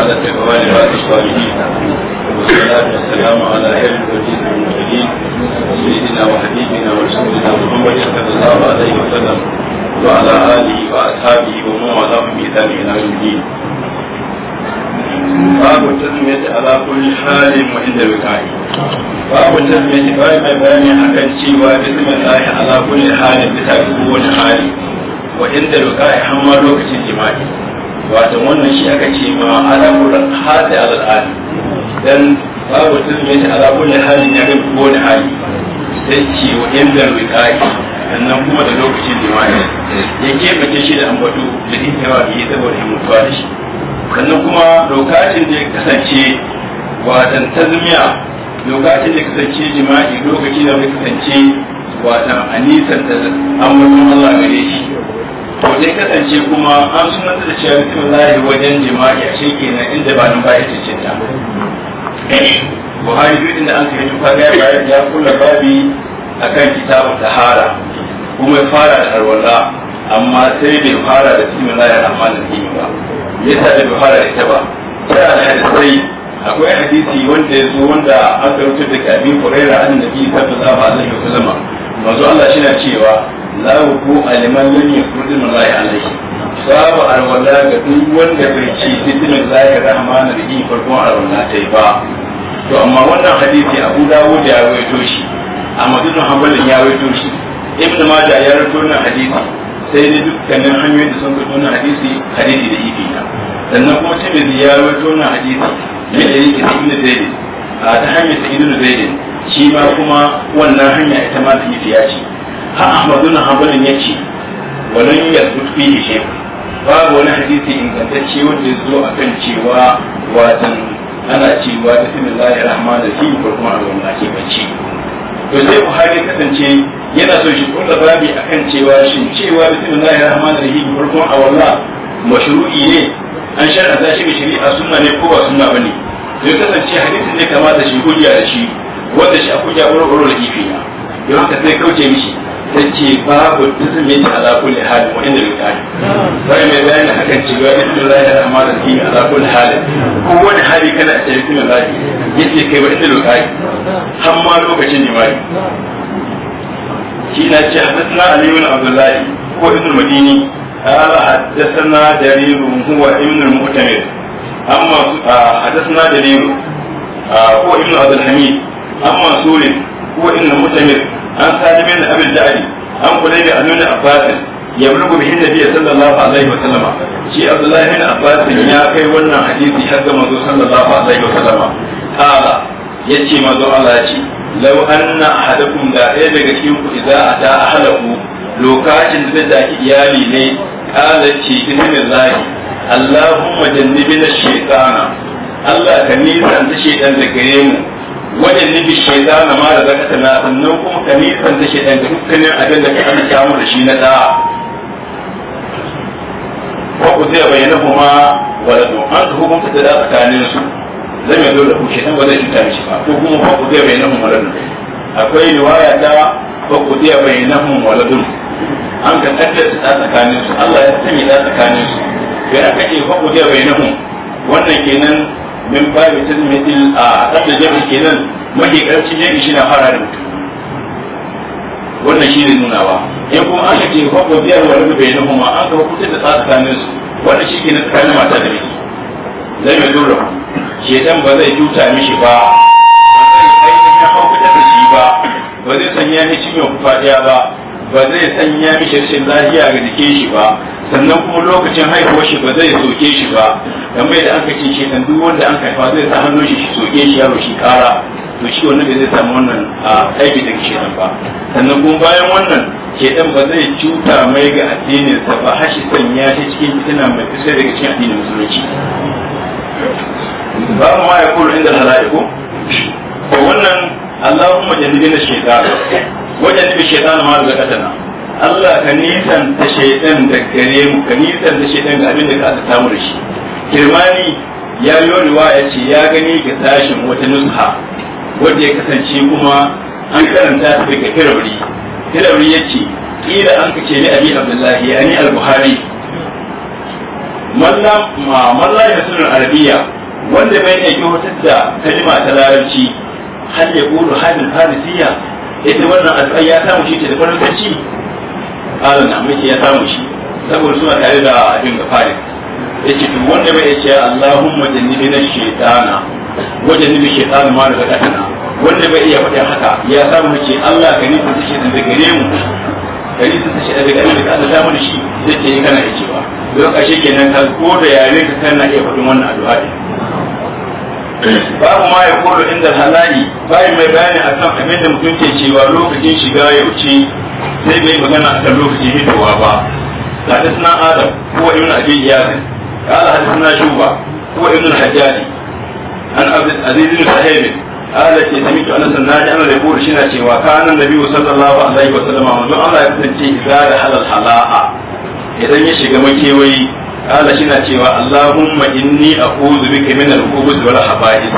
على الإخوان والإخوانين والصلاة والسلام على خير الوجيد المرسلين سيدنا وحبيبنا ورسولنا محمد صلى الله عليه وسلم وعلى آله وأصحابه ومن والاهم بإحسان إلى يوم الدين. باب التسمية على كل حال وعند الوقاية. باب التسمية باب بيان أكل سوى بسم الله على كل حال بسبب قوة وعند الوقاية حمى لوكة الجماعي. wato wannan shi aka ce ma alamun hali al'adu dan babu tun yace alamun hali ya ga ko da hali sai ce wa inda kai sannan kuma da lokacin jima'i ya kebace shi da ambato da yawa da yi saboda mutuwa da shi sannan kuma lokacin da ya kasance watan tazmiya lokacin da ya kasance jima'i lokacin da kasance watan anisan da ambaton Allah gare shi to sai kasance kuma an sunan da cewa bismillahi wajen jima'i a na inda ba nan bayan cikin ta buhari duk da an kai tufa ya bayan ya kula babi akan kitabun tahara kuma ya fara da alwala amma sai bai fara da bismillahi rahmanir rahim ba yasa bai fara da ita ba Ta sai a sai akwai hadisi wanda ya zo wanda an karutar da kabin kurera an nabi a alaihi wasallam manzo Allah shi na cewa la ku aliman lam min rai alaihi babu alwala ga duk wanda bai ci fitinin rahama na da yi farkon alwala ta ba to amma wannan hadisi Abu Dawud ya rawaito shi a ibn Hanbal ya rawaito shi Ibn Majah ya rawaito wannan hadisi sai dai dukkanin hanyoyin da sun fito wannan hadisi hadisi da ifi sannan kuma Tirmidhi ya rawaito wannan hadisi da yake ibn zaid ta hanyar sa ibn zaid shi ma kuma wannan hanya ita ma ta yi ce ha ahmadu na hanbalin ya ce wani walan ya fi shi babu wani hadisi ingantacce wanda ya zo a kan cewa watan ana cewa bismillahir rahmanir rahim ko kuma alwala ke bacci to sai buhari kasance yana so shi kula babi akan cewa shin cewa bismillahir rahmanir rahim farkon awalla mashru'i ne an shar'anta shi ga shari'a sunna ne ko ba sunna bane zai kasance hadisin ne kamata shi hujja da shi wanda shi a hujja wuro da kifi na don haka sai kauce mishi ta ce babu tazmiyati ala kulli halin wa inda lukari sai mai da hakan ce cewa inna lillahi wa inna ilaihi ala kulli halin ko wani hali kana a cikin lafi yace kai wa inda lukari har ma lokacin ne mai shi na ce hadisna aliyu bin abdullahi ko ibn madini قال حدثنا جرير هو ابن المعتمر أما حدثنا جرير هو ابن عبد الحميد أما سوري هو ابن المعتمر عن سالم بن أبي الجعد عن قليل بن عباس يبلغ به النبي صلى الله عليه وسلم شيء عبد الله بن عباس يا كي ولنا حديثي حتى منذ صلى الله عليه وسلم قال yace manzo Allah ya ce law anna ahadakum da ɗaya daga cikin ku idza ata ahlaku lokacin da zai iyali ne kala ce bismillahi allahumma jannibina shaytana Allah ka nisan ta shaytan da gare mu wajen nufi shaitana ma da zaka tana sannan kuma ka nisan ta shaitan da dukkanin abin da ka amince mu da shi na da ko ku zai bayyana kuma wala to an hukunta da tsakanin su zai mai dole kuke nan ba zai cuta ce ba ko kuma ba ku zai bai nan waladun akwai riwaya ta ba ku zai bai nan waladun an ka tattara su ta tsakanin su Allah ya sani ta tsakanin su bai aka ce ba ku zai bai nan wannan kenan min babu tilmitil a tattara jami'i kenan mai karfin ne shi na fara da wannan shi ne nunawa in kuma aka ce kwakwa biyar wa rubu na nuhu ma an ga hukuntar da tsakanin su wannan shi ke na tsakanin mata da miji zai mai dora shedan ba zai juta mishi ba ba zai ainihin haukuta da shi ba ba zai sanya mishi mai kufaɗiya ba ba zai sanya mishi rashin lafiya ga jikin shi ba sannan kuma lokacin haihuwar shi ba zai soke shi ba dan bai da anka ce shedan duk wanda an haifa zai sa hannun shi soke shi yaro shi kara to shi wannan bai zai samu wannan aiki da shedan ba sannan kuma bayan wannan shedan ba zai cuta mai ga addinin sa ba har shi sanya shi cikin fitina mai kusa daga cikin addinin musulunci babu ma ya kulu inda mala'iku ko wannan Allahumma jannibina shaytan wajen nabi shaytan ma daga katana Allah ka nisan ta shaytan da gare mu ka nisan ta shaytan ga ka aka samu da shi ya yi riwaya ce ya gani ga tashin wata nusha wanda ya kasance kuma an karanta ta daga ce abi abdullahi yani al-buhari mallam ma sunan arabiya wanda bai da kyautar da kalima ta larabci har ya kulu hamil farisiya idan eh, wannan alfai ya samu shi da faransanci na mace ya samu shi saboda suna tare da abin da faris ya ce duk wanda bai ce allahumma jannibi na shaitana wajen nibi shaitana ma daga dakana wanda bai iya faɗin haka ya samu mace allah ka nisa ta shaitan daga gare mu ka nisa ta shaitan daga gare mu da ka samu da shi zai ce kana iya ba. don ƙashe kenan ka ko da yare ka kana iya faɗin wannan addu'a babu ma ya kolo inda halayi bayan mai bayani a kan abin da mutum ke cewa lokacin shiga ya wuce sai bai magana a kan lokacin hitowa ba da حدثنا آدم هو ابن أبي إياد قال حدثنا شوبة هو ابن الحجاج عن عبد العزيز بن صهيب ala ke sami to anasan na ji ana da buru shi na cewa kanan nabi sallallahu alaihi wa sallam manzo Allah ya kasance idza da halal hala'a idan ya shiga makewayi kala shi na cewa Allahumma inni a'udhu bika min al-khubuthi wal khaba'ith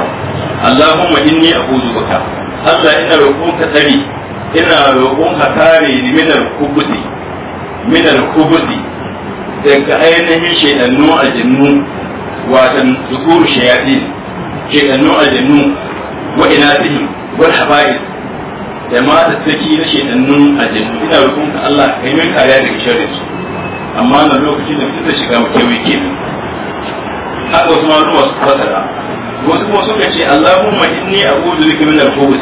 Allahumma inni a'udhu bika Allah ina roƙonka tsari ina roƙonka kare ni min al-khubuthi min al daga ainihin shaytanu aljannu watan zukuru shayatin shaytanu aljannu wa inatihim wal da ma na shaytanun aljannu ina Allah kai min daga sharrin amma na lokacin da kuka shiga kewaye ke haka wasu ma maluwa su fasara wasu kuma suka ce Allahumma inni a'udhu bika min al khubuth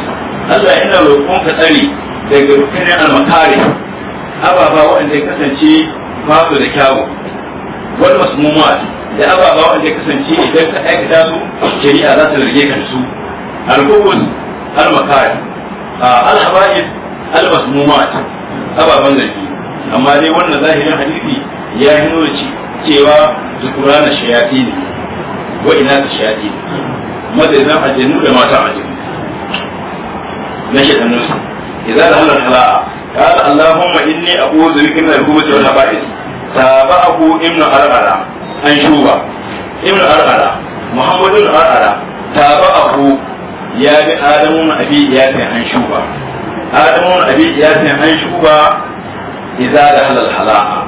Allah ina roƙon ka tsare daga dukkanin al-makari ababa wanda ya kasance babu da kyawu wal masmumat da ababa wanda ya kasance idan ka aikata su shari'a za ta rage ka su al khubuth al-makari ah, al-haba'ib al-masmumat ababan ke amma dai wannan zahirin hadisi ya yi nuna cewa zukurana shayati ne wa ina ta shayati ne madaidan aljannu da mata aljannu na shaɗannu su idan da halar hala'a قال اللهم إني أعوذ بك من الكوبة والنبائس تابعه ابن أرعرة an shuba ibn ar'ara muhammad ibn ar'ara tabahu ya bi adamu na abi an shuba adamu na an idza da halal hala'a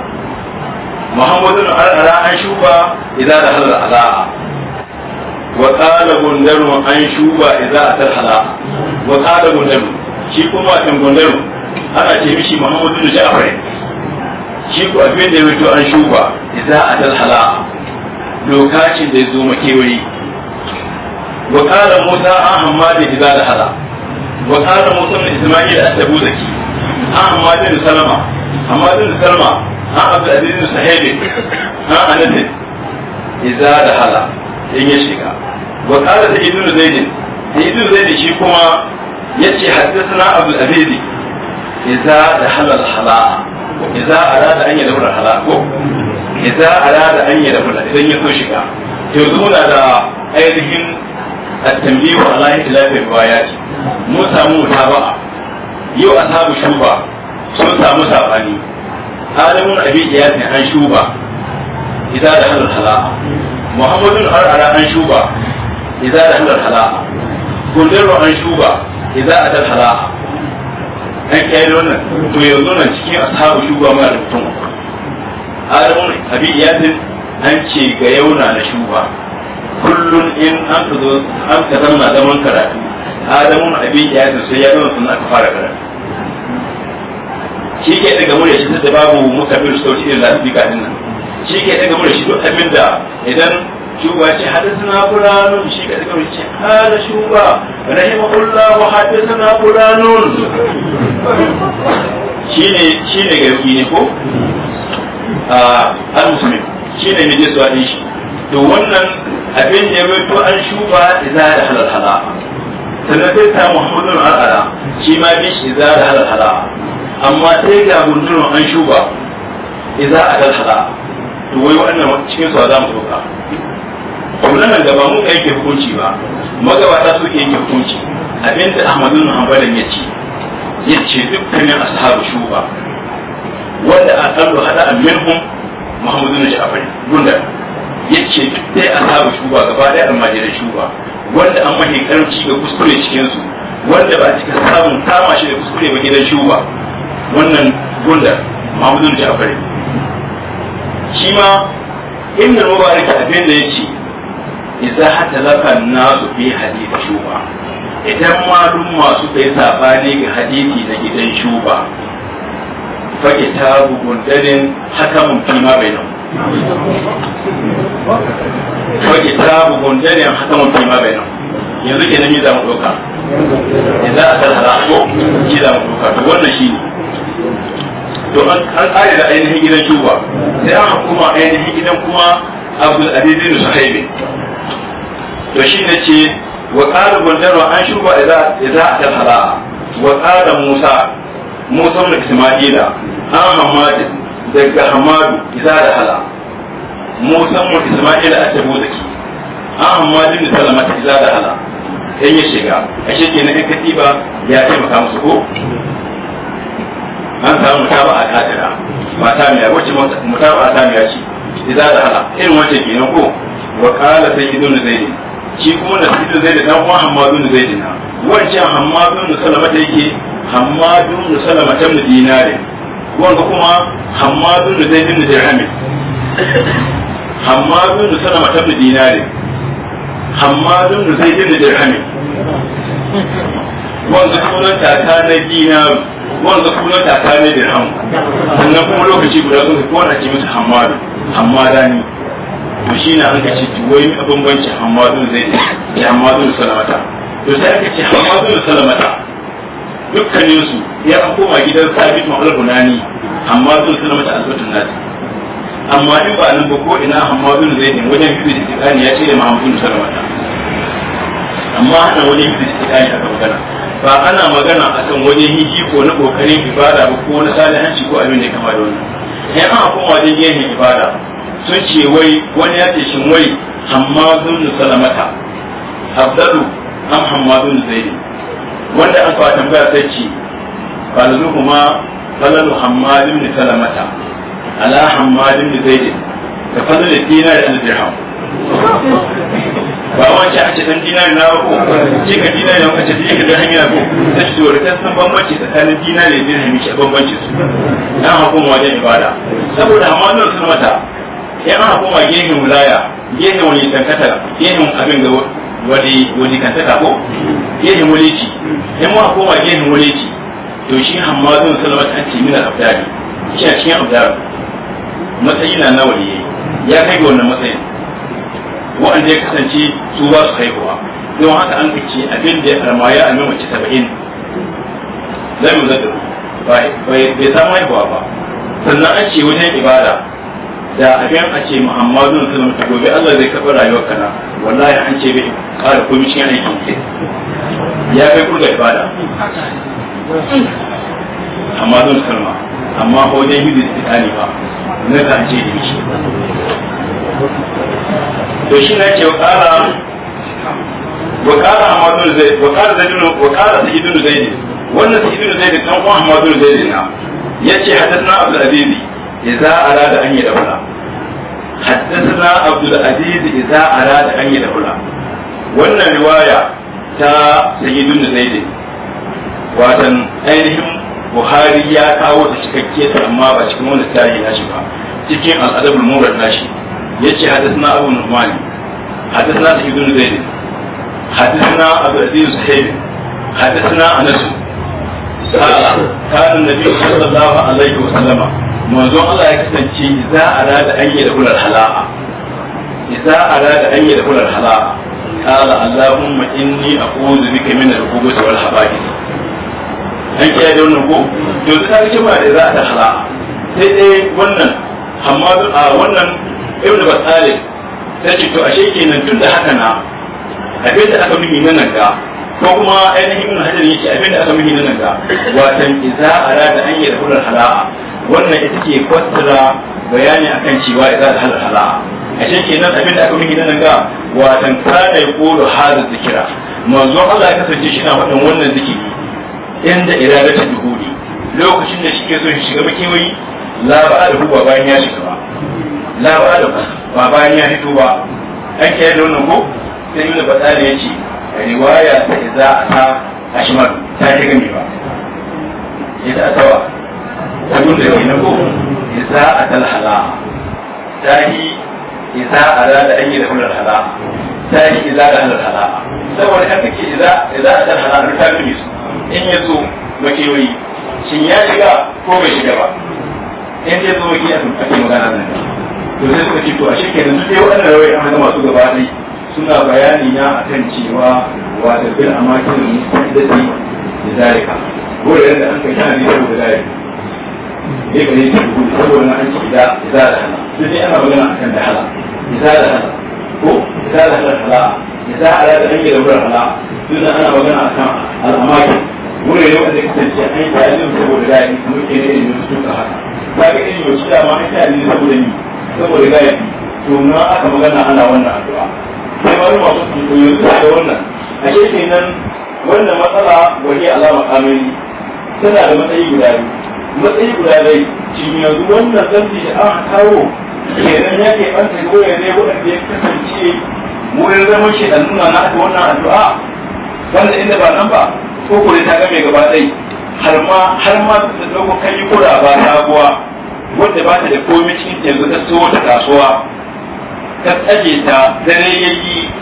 muhammadun al'ala an shuba idza da halal hala'a wa qala gundaru an shuba idza atal hala'a wa qala gundaru shi kuma din gundaru ana ce mishi muhammadun ja'far shi ko abin da ya fito an shuba idza atal hala'a lokacin da ya zo makewayi wa qala musa an hamma da idza da hala'a وقال موسى isma'il اسماعيل التبوذكي an amma bin salama amma bin salama an abu da bin sahibi an anabi idza da hala in ya shiga wa qala da ibnu zaid ibnu zaid shi kuma yace haddathana abul abidi idza da hala al-hala idza arada an yadabura hala ko idza arada an yadabura idan ya so shiga yanzu muna da ainihin yau ashabu shuba sun samu sabani alimun abi iyas ne an shuba idza da halal halaa muhammadun arara an shuba idza da halal halaa kullu an shuba idza atal halaa an kai wannan to yanzu nan cikin ashabu shuba ma da mutum alimun abi iyas an ce ga yauna na shuba kullum in an ka zo an ka zanna zaman karatu adamun abin ya yi sai ya zama sun aka fara karatu shi ke daga mura shi da babu mukabir sauti irin lafiya din nan shi ke daga mura shi duk abin da idan shuba ce hadisna fulanun shi ke daga mura ce hada shuba rahimahullah wa hadisna fulanun shine shine ga yi ne ko a ah, al-muslim shine ne je su shi to wannan abin da ya mutu an shuka idza da halal hala sannan sai ta muhammadun al'ala shi ma bi shi idza da halal hala amma sai ga gundurun an shuka idza a halal hala to wai wannan cikin su za mu doka kuma nan gaba mun kai ke hukunci ba magabata su ke yanke hukunci abinda ahmadun hanbalin ya ce ya ce dukkanin ashabu shuka. wanda a kallo hada a minhum muhammadun ja'fari gundar yake sai an haɓa shuba gaba ɗaya da shuba wanda an mahi karfi ga kuskure cikinsu wanda ba cika samun kama shi da kuskure ba gidan shuba wannan gunda mahmudun jafari shi ma inda mubarak abin da yace idza hatta laka nasu fi hadith shuba idan malum masu kai sabani ga hadisi na gidan shuba fa kitabu gundarin hakamun fima bainahu ko itrabu a hatamun fi ma bainahum yanzu kenan me za doka idan a tarhara ko shi za doka to wannan shine to an kare da ainihin gidan shuba sai aka kuma ainihin gidan kuma abdul azizin suhaibi to shi ne ce wa qala gundaru an shuba idan idan a tarhara wa qala musa musa ibn isma'ila an hamadin daga hamadu isa da hala musamman isma'ila a tabo a an hamadin da ta isa da hala sai ya shiga a shirke na yan katiba ya taimaka musu ko an samu mutaba a kadira mata mai wacce mutaba a samiya ce isa da hala irin wacce kenan ko wa kala sai idon da zai shi kuma na sai zai da dan uwan hamadu da zai dina wancan hamadu da ta yake hamadu da ta mu dinarin wanda kuma hammadun da zai bin da dirhamin hammadun da sana matan da dinari hammadun da zai bin da dirhamin wanda ta ta na dinaru wanda ta ta na dirham sannan kuma lokaci guda sun fi wanda ake musu hammadu hammada ne to shi na aka ce wai abin banci hammadu zai da hammadu salamata to sai aka ce hammadu salamata dukkaninsu ya an koma gidan sabit mahal hunani amma sun suna mata asibitin nasi amma in ba nan ba ko ina amma bin zai ne wajen fi da tikani ya ce da mahammadu sarwata amma ana wani fi da tikani a magana ba ana magana a kan wani hiji ko na kokarin ibada ba ko na salihanci ko abin da kama da wannan sai an koma wajen yin ibada sun ce wai wani ya ce shin wai amma bin salamata abdalu am hammadu zaidi wanda an fa tambaya sai ce falalu kuma falalu hammadin ne salamata ala hammadin ne zai da falalu dinar da dirham ba ce a ce dan dinar na ko ce ka dinar da wace ce ka dirham ya ko sai ce wata san bambanci tsakanin dinar da dirham ke bambanci su na hakuma wajen ibada saboda hammalin salamata sai an hakuma gehen wilaya gehen wani tankata gehen abin da wani wani kan taka ko gehen walici in ma koma gehen walici to shi hamadun sallallahu ta wasallam min al-abdari shi a cikin abdar matsayi na nawa ne ya kai ga wannan matsayin wa'anda ya kasance su ba su haihuwa don haka an kace abin da ya armaya a mai mace 70 zai mu zaka bai bai samu haihuwa ba sannan an ce wajen ibada da abin a ce muhammadu na sunan ka gobe allah zai kafa rayuwar kana wallahi an ce bai ƙara komi cikin aiki ya kai kurga ibada amma zan kalma amma ko dai yi da tsakani ba na ka ce da shi to shi na ce kara wa kara amadu zai wa kara zai wa idinu zai ibnu zaidi wannan sai zai ne dan uwan amadu zaidi na yace hadathna abdul azizi idza arada an yadkhula haddathana abdul aziz idza arada an yadkhula wannan riwaya ta sayyidun zaidi watan ainihin buhari ya kawo ta cikakke ta amma ba cikin wani tarihi na shi ba cikin al'adabul murad na shi حدثنا عبد العزيز السهيلي حدثنا انس قال النبي صلى الله عليه وسلم manzo Allah ya kasance idza arada an yi da ulal hala'a idza arada an yi da ulal hala'a Kala allahumma inni a'udhu bika min al-khubuthi wal haba'ith an kiyaye da wannan ko to ka ga ba da za ta hala'a sai dai wannan amma wannan ibn basali sai ce to ashe kenan tun da haka na abin da aka mihi nan ga ko kuma ainihin ibn hajar yace abin da aka mihi nan ga watan idza arada an yi da ulal hala'a wannan ita ke kwastara bayani akan cewa ya halal halal a shi kenan abin da aka miki nan ga watan kana yaqulu hadha zikira manzo Allah ya kasance shi na faɗin wannan zikiri inda iradatu duhuri lokacin da shi ke so shi shiga makewayi la ba'ada ba bayan ya shiga ba la ba'ada ba bayan ya fito ba an kiyaye da wannan ko sai ibnu ya yace riwaya ta idza ata ashmar ta ta gami ba Ya idza atawa wani da yau na ko iza a dalhala ta yi iza a da da an yi da hular hala ta yi iza da halar hala saboda haka ke iza iza a dalhala na ta fi su in ya zo makewayi shin ya shiga ko bai shiga ba in ya zo makewayi a ake magana nan to sai suka ce to a shi kenan duk yau an rawai an masu gaba ɗaya suna bayani na a kan cewa wa da bil amakin da da zalika gore da an kai tana ne saboda zalika ya gare shi gudu saboda na an ci da za da hala duk dai ana magana akan da hala za da hala ko ya za da hala hala za a da an yi da wurin hala duk da ana magana akan al'amaki wurin ne wanda kasance an yi ta'alim saboda da daɗi kuma ke ne ilimin su duka haka ba ga ilimin wasu dama an ta'alim saboda ni saboda da daɗi to na aka magana ana wannan addu'a sai ma ruwa su koyo da wannan a shekin nan wannan matsala waje alama amini tana da matsayi guda biyu matsayi guda dai shin yanzu wannan santi da aka kawo kenan ya ke ɓanta ya ne waɗanda ya kasance wurin zama shi da nuna na aka wannan addu'a wanda inda ba nan ba ko kore ta game gaba ɗai har ma har ma da ɗauko kan yi kura ba sabuwa wanda ba ta da komai cikin yanzu ta so ta kasuwa ta tsaje ta dare yayi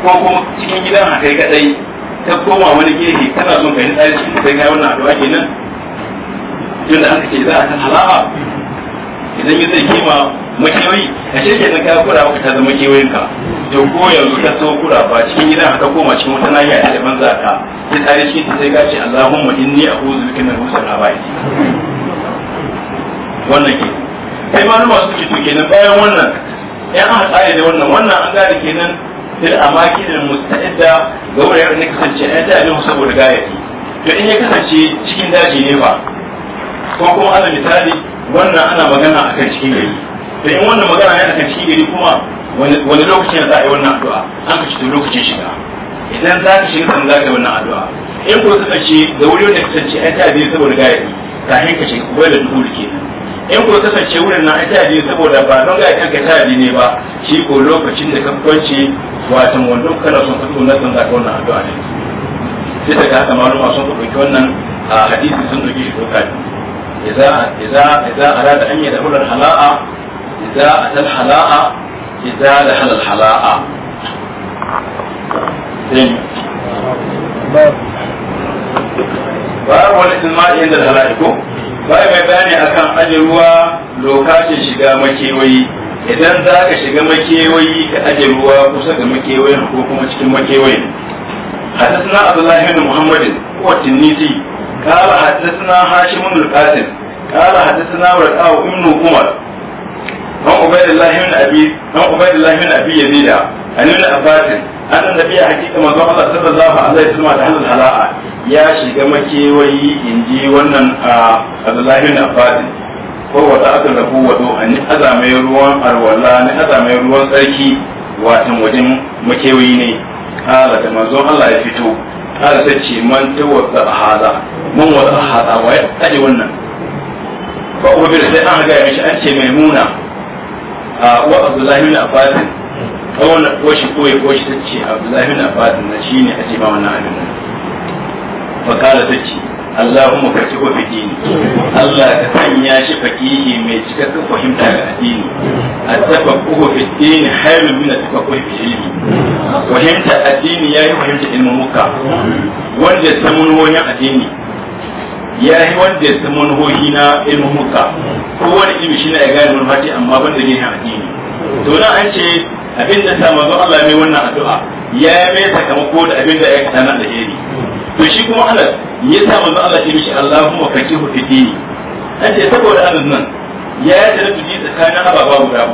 ko kuma cikin gidan hakai kadai ta koma wani gefe tana son kai tsari cikin kai wannan addu'a kenan tun da aka ce za a kan halama idan ya zai kima makewayi a shirke na kaya kura ta zama kewayin ka da ko yanzu ka so kura ba cikin gidan haka koma cikin wata nahiya da ban za ka ta tare shi sai ka ce Allahumma inni a'udhu bika min rusal haba'i wannan ke sai ma numa suke to kenan bayan wannan yan aka tsare da wannan wannan an gane kenan fil amakin musta'idda ga wuraren da kasance ai da ne saboda gayati to in ya kasance cikin daji ne ba ko kuma ana misali wannan ana magana akan cikin gari da in wannan magana ne akan cikin gari kuma wani lokacin za a yi wannan addu'a an ka cikin lokacin shiga idan za ka shiga sannan za ka yi wannan addu'a in ko suka ce da wuri wanda kasance ai ta biyu saboda gayari kafin ka shiga bai da duhu da kenan in ko kasance wurin nan ai ta biyu saboda ba don gaya kanka ta biyu ne ba shi ko lokacin da ka kwance watan wanda kana son ka tona san za ka wannan addu'a ne sai daga haka maluma sun ɗauki wannan a hadisi sun ɗauki shi ko kafin إذا إذا إذا أراد أن يدخل الحلاء إذا أتى الحلاء إذا دخل الحلاء babu wani tsimma inda da halaiku bai mai bayani akan aje ruwa lokacin shiga makewayi idan za ka shiga makewayi ka aje ruwa kusa ga makewayin ko kuma cikin حدثنا عبد الله بن محمد هو التنيسي قال حدثنا هاشم بن القاسم قال حدثنا ورقاء ابن عمر عن عبيد الله بن ابي عن عبيد الله بن ابي يزيد عن ابن عباس ان النبي حقيقه من الله صلى الله عليه وسلم تحل الحلاء يا شيخ مكيوي انجي ونن عبد الله بن عباس ko wata aka rabu wado an aza mai ruwan arwala ne aza mai ruwan tsarki watan wajen makewayi ne kala da manzon Allah ya fito قال تتشي من توفى sai an mishi an ce mai a wa abdullahi ko wannan ko shi ko ko shi ta ce abdullahi na fadin na shine a ce ba wannan abin nan kala ta ce Allahumma fatihu bi dini Allah ka sanya shi fakihi mai cikakken fahimta ga addini at-tafaqquhu fi dini khairun min at-tafaqquhi fi ilmi fahimta addini yi fahimta ilmin muka wanda ya samu wani addini ya yi wanda ya samu manhohi na ilmin muka ko wani ilmi shi na ya gane manhaji amma ban da ne a addini to an ce abin da sa ba Allah mai wannan addu'a ya mai sakamako da abin da ya nan da heri to shi kuma Anas ya sa manzo Allah ya mishi Allahumma faqihu fi dini an ce saboda Anas nan ya yi tuji tsakanin ababa guda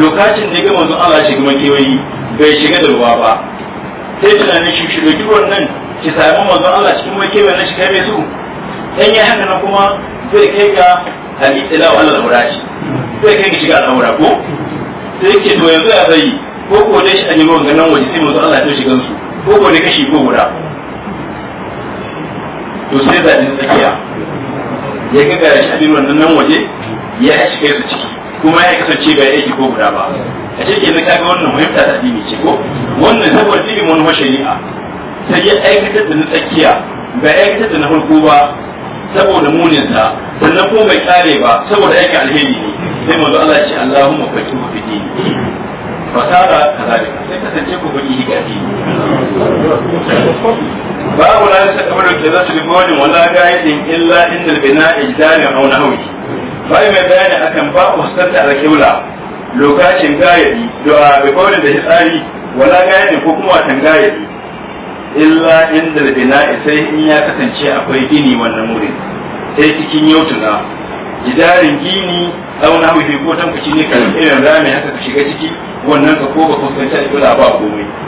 lokacin da ga manzo Allah shiga kewayi bai shiga da ruwa ba sai tunanin shi shi doki ruwan nan ki samu manzo Allah cikin makewayi na shi kai mai su dan ya haka nan kuma zai kai ga al-istilau Allah al murashi zai kai ga shiga al-amura ko sai ke to yanzu ya zai ko ko dai shi an yi ruwan ganin waje sai manzo Allah ya tashi su ko ko ne kashi ko guda to sai din tsakiya ya ga ga shi abin wannan nan waje ya shiga da ciki kuma ya kasance bai aiki ko guda ba a ce kenan kaga wannan muhimta ta dini ce ko wannan saboda ilimin wani shari'a sai ya aikatar da na tsakiya bai aikatar da na farko ba saboda sa sannan ko bai kare ba saboda aiki alheri ne sai manzo Allah ya ce Allahumma mu fi dini fasara kazalika sai kasance ku faqihi ga dini babu la ya saka bada ke zasu bi mawajin wala ga'idin illa inda bina ijdarin auna hauyi bai mai bayani akan babu hasanta da kibla lokacin ga'idi da bi mawajin da hisari wala ga'idin ko kuma watan gayadi. illa inda bina sai in ya kasance akwai gini wannan wurin sai cikin yautuna gidarin gini auna hauyi ko tankuci ne kan irin rami haka ka shiga ciki wannan ka ko ba kusanta da kibla ba komai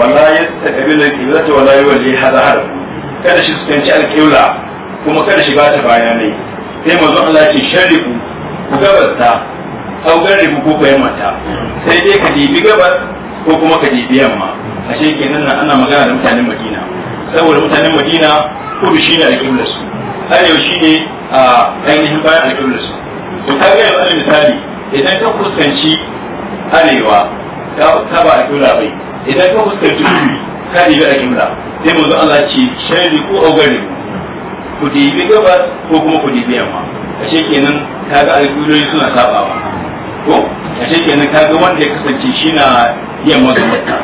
wala yastaqbilu al-qiblata wala yuwalli hadar kada shi tsanci al-qibla kuma kada shi bata bayanai sai manzo Allah ce shariku ku gabasta au garibu ko ku mata. sai dai ka dibi gabas ko kuma ka dibi yamma ashe kenan nan ana magana da mutanen Madina saboda mutanen Madina kudu shi ne qibla su shi ne a ainihin bayan al-qibla su to ka ga yanzu misali idan ka fuskanci arewa ta ba al-qibla bai idan ka fuska kuɗi ka ɗibi a kimla sai zo Allah ce shari ko augari ku ɗibi gabas ko kuma ku ɗibi yamma ashe kenan ga alƙuloyi suna saɓawa ko ashe kenan ga wanda ya kasance shi na yamma ga makka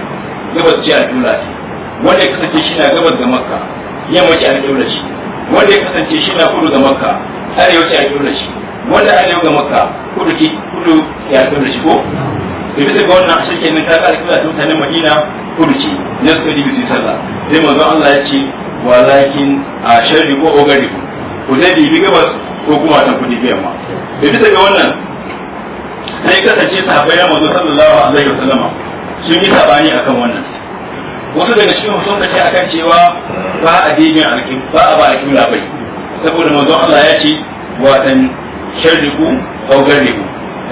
gabas ce alƙula ce wanda ya kasance shi na gabas ga makka yamma ce alƙula ce wanda ya kasance shi na kudu ga makka arewa ce alƙula ce wanda arewa ga makka kudu ki kudu ya alƙula ce ko to bisa ga wannan ashe kenan ta kara kibla ta mutanen Madina ce na su kadi bisu sallah sai manzo Allah ya ce walakin a sharri ko ogari ku zai bi gabas ko kuma tan kudi biyan ma to bisa ga wannan sai kasance sahabbai na manzo sallallahu alaihi wasallama sun yi sabani akan wannan wasu daga cikin sun kace akan cewa ba a dibin alkim ba a ba alkim labai saboda manzo Allah ya ce watan sharri ku ogari ku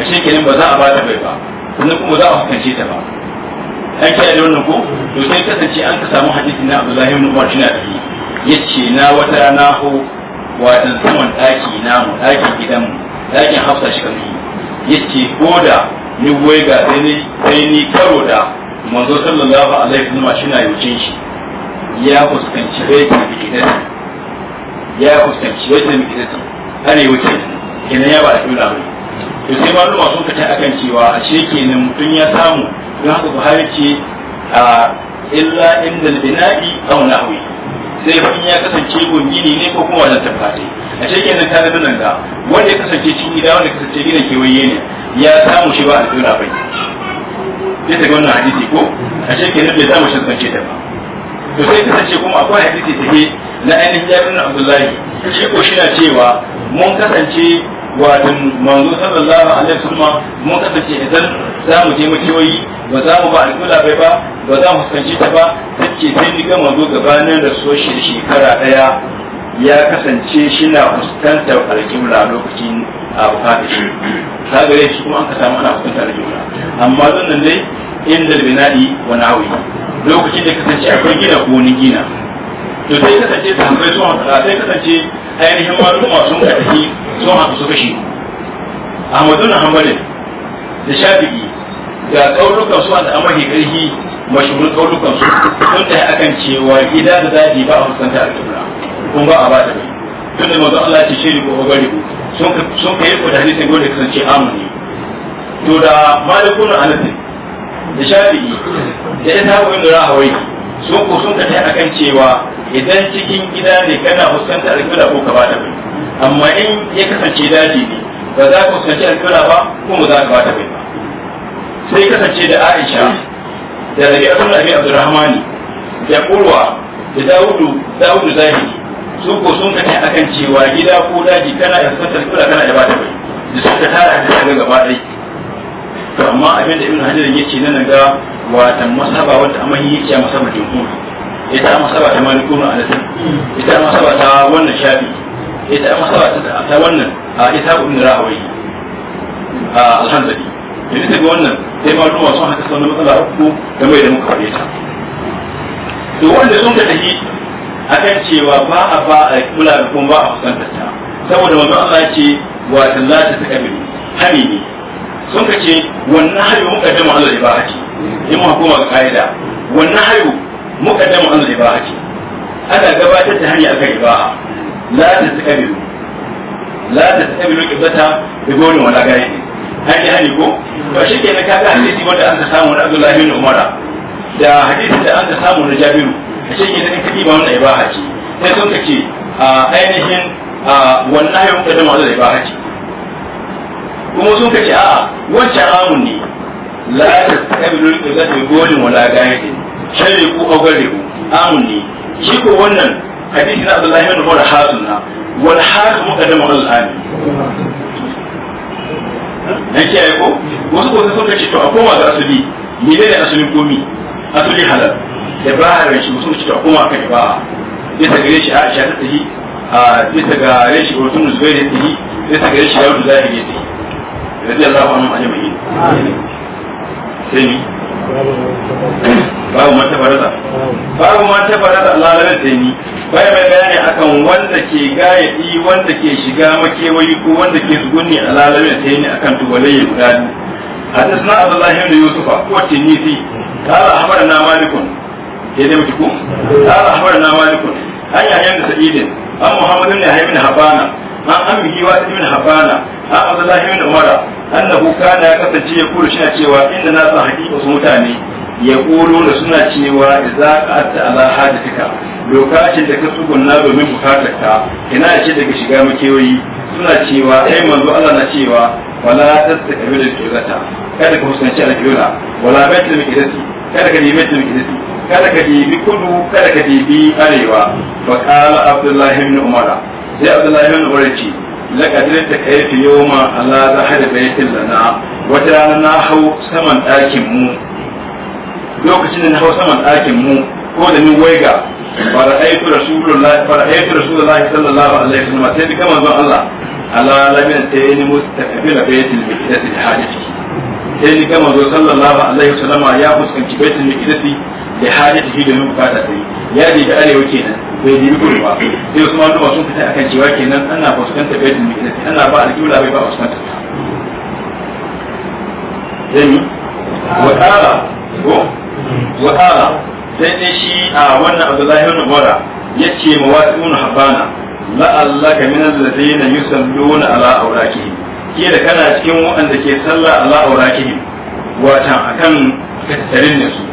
ashe kenan ba za a ba ta bai ba sannan kuma za a hukunce ta ba an kiyaye da wannan ko to sai kasance an ka samu hadisi na Abdullahi ibn Umar shi na da yace na wata rana ho watan saman daki na mu daki gidan mu daki Hafsa shi kan yace ko da ni wai ga sai ni sai ni karo da manzo sallallahu alaihi wasallam shi na yuce shi ya fuskanci baitul gidan ya fuskanci baitul miqdis ana yucin kenan ya ba da kula to sai maluma sun fita akan cewa a kenan mutum ya samu don haka buhari ce a illa inda binadi aw nahwi sai fa ya kasance gungini ne ko kuma wannan tafati a sheke nan ta da nan ga wanda ya kasance cikin gida wanda kasance gidan kewaye ne ya samu shi ba a tura bai sai ta wannan hadisi ko a sheke nan bai samu shi kasance ta ba to sai kasance kuma akwai hadisi take na ainihin jabirin abdullahi shi ko shi na cewa mun kasance watan manzo sallallahu alaihi wasallam mun kasance idan za mu je makiyoyi ba za mu ba alƙula bai ba ba za mu fuskanci ta ba take sai ni ga manzo gabanin da so shi shekara daya ya kasance shi na fuskantar alƙibla lokacin abu kafin shi ta gare shi kuma an ka samu ana fuskantar alƙibla amma wannan dai inda binadi wa nawi lokacin da kasance akwai gina ko ni gina to sai kasance sahabbai sun sai kasance ainihin masu sun ka sun haka su kashi ahmadu na hanbalin da shafi'i ga tsaurukan su da amma karhi mashhurin tsaurukan su sun ta akan cewa gida da zaji ba a fuskanta a kibra kun ba a ba da bai tun da manzo Allah ce shi ko gari sun kai ko da hadisin gode kasance amuni to da malikun anasin da shafi'i da ita ko inda rahawai sun ku sun tafi kan cewa idan cikin gida ne kana fuskantar alƙibla ko ka bata bai amma in ya kasance daji ne ba za ka fuskanci alƙibla ba kuma za ka bata bai ba sai kasance da Aisha da Rabi'atul rabi Abdurrahmani da Urwa da Dawudu Dawudu Zahiri su ko sun tafi kan cewa gida ko daji kana fuskantar alƙibla kana da bata bai da suka tara a cikin gaba ɗaya to amma abin da ibn hajar ya ce nan ga watan masaba wanda amma yi ce masa jumhur ita masaba ta na alasan ita masaba ta wannan shafi ita masaba ta ta wannan a ita ibn rahawi a alhamdulillah yanzu daga wannan sai ma ruwa sun haka sauran matsala uku mai da muka faɗe ta to wanda sun ka tafi akan cewa ba a ba a kula da kuma ba a fuskantar ta saboda manzo Allah ya ce wa la ta takabiru hani ne sun ka ce wannan hayo muqaddamu ala ibahati in ma koma ga kaida wannan hayo muqaddamu ala ibahati ana gabatar da hanya akan ibaha la tasqabilu la tasqabilu kibata da gori wala gari hani hani ko ba shi kenan kaga hadisi wanda an samu na Abdullahi bin Umar da hadisi da an samu na Jabiru a shi kenan kake ba wannan ibaha ce sai sun ka ce ainihin wannan hayo muqaddamu ala ibahati kuma sun kace a wancan amun ne la tastabilu ibada golin wala gaidin sharri ku ogare ku amun ne shi ko wannan hadisi na Abdullahi bin Umar hasuna wal hasu muqaddamu al amin na ai ko wasu ko sun kace to a koma ga asubi mene ne ko komi asubi halal da ba har shi sun kace to a koma kan ba bisa gare shi a shi ta ji a bisa gare shi zuwa ne ta tahi bisa gare shi Yawdu Zahiri ta ji. sai babu ma babu ma ta Allah lalle sai ni bai mai bayani akan wanda ke gayadi wanda ke shiga makewayi ko wanda ke tsugunni a lalabe sai ni akan tubalai guda حدثنا عبد الله بن يوسف والتنيسي قال اخبرنا مالك يدي متكم قال اخبرنا مالك عن يحيى بن سعيد عن محمد بن يحيى بن حبانه an ambihi wa ibn habana an abdullahi ibn umara annahu kana ya kasance ya kula shi cewa inda na san hakika su mutane ya kulo da suna cewa idza qa'atta ala hadithika lokacin da ka tsugunna domin bukatarka ina ce daga shiga makewayi suna cewa ai manzo Allah na cewa wala tastaqbilu al-qiblata kada ka fuskanci al-qibla wala baitul miqdisi kada ka nemi baitul miqdisi kada ka dibi kudu kada ka dibi arewa wa qala abdullahi ibn umara sai abdullahi bin umar ce laqadir ta kai fi yoma ala zahir baitin lana wata rana na hau saman ɗakin mu lokacin da na hau saman ɗakin mu ko da ni waiga ba da aitu rasulullahi ba da aitu rasulullahi sallallahu alaihi wasallam sai duka manzon Allah ala lamin ta yi mustaqbil baitil miqdasi da hajji sai ni duka manzon sallallahu alaihi wasallam ya fuskanci baitil miqdasi da hajji da ta sai ya je da arewa kenan bai nemi gure ba sai wasu masu sun fita akan cewa kenan ana fuskantar baitul muqaddas ana ba alƙibla bai ba fuskantar ta zani wa qala ko wa qala sai dai shi a wannan Abdullahi ibn Umar yace mawasiun habana la allaka min alladhina yusalluna ala ke kila kana cikin waɗanda ke sallah ala ke watan akan tattarin su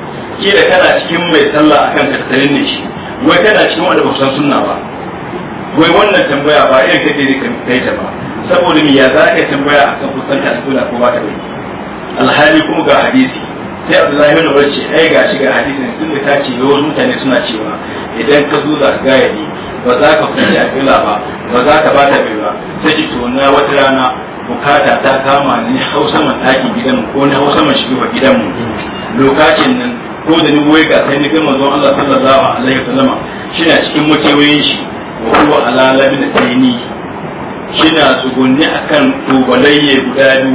kila kana cikin mai sallah kan tattalin ne shi wai kana cikin wanda ba san sunna ba wai wannan tambaya ba irin kake ne kai ta ba saboda me ya za ka tambaya kan fuskanta a sunna ko ba ta bai alhali kuma ga hadisi sai abdullahi bin umar ce ai ga shi ga hadisin sun da ta ce wasu mutane suna cewa idan ka zo za ka gaya ne ba za ka fita a kila ba ba za ka bata bai ba sai ki tona wata rana bukata ta kama ni hausa man ɗakin gidanmu ko na hausa man shigewa gidanmu lokacin nan ko da ni ga sai ne kai manzon Allah sallallahu alaihi wa shi na cikin mutewayin shi wa huwa ala labin shi shina tsugunni akan tubalayye guda biyu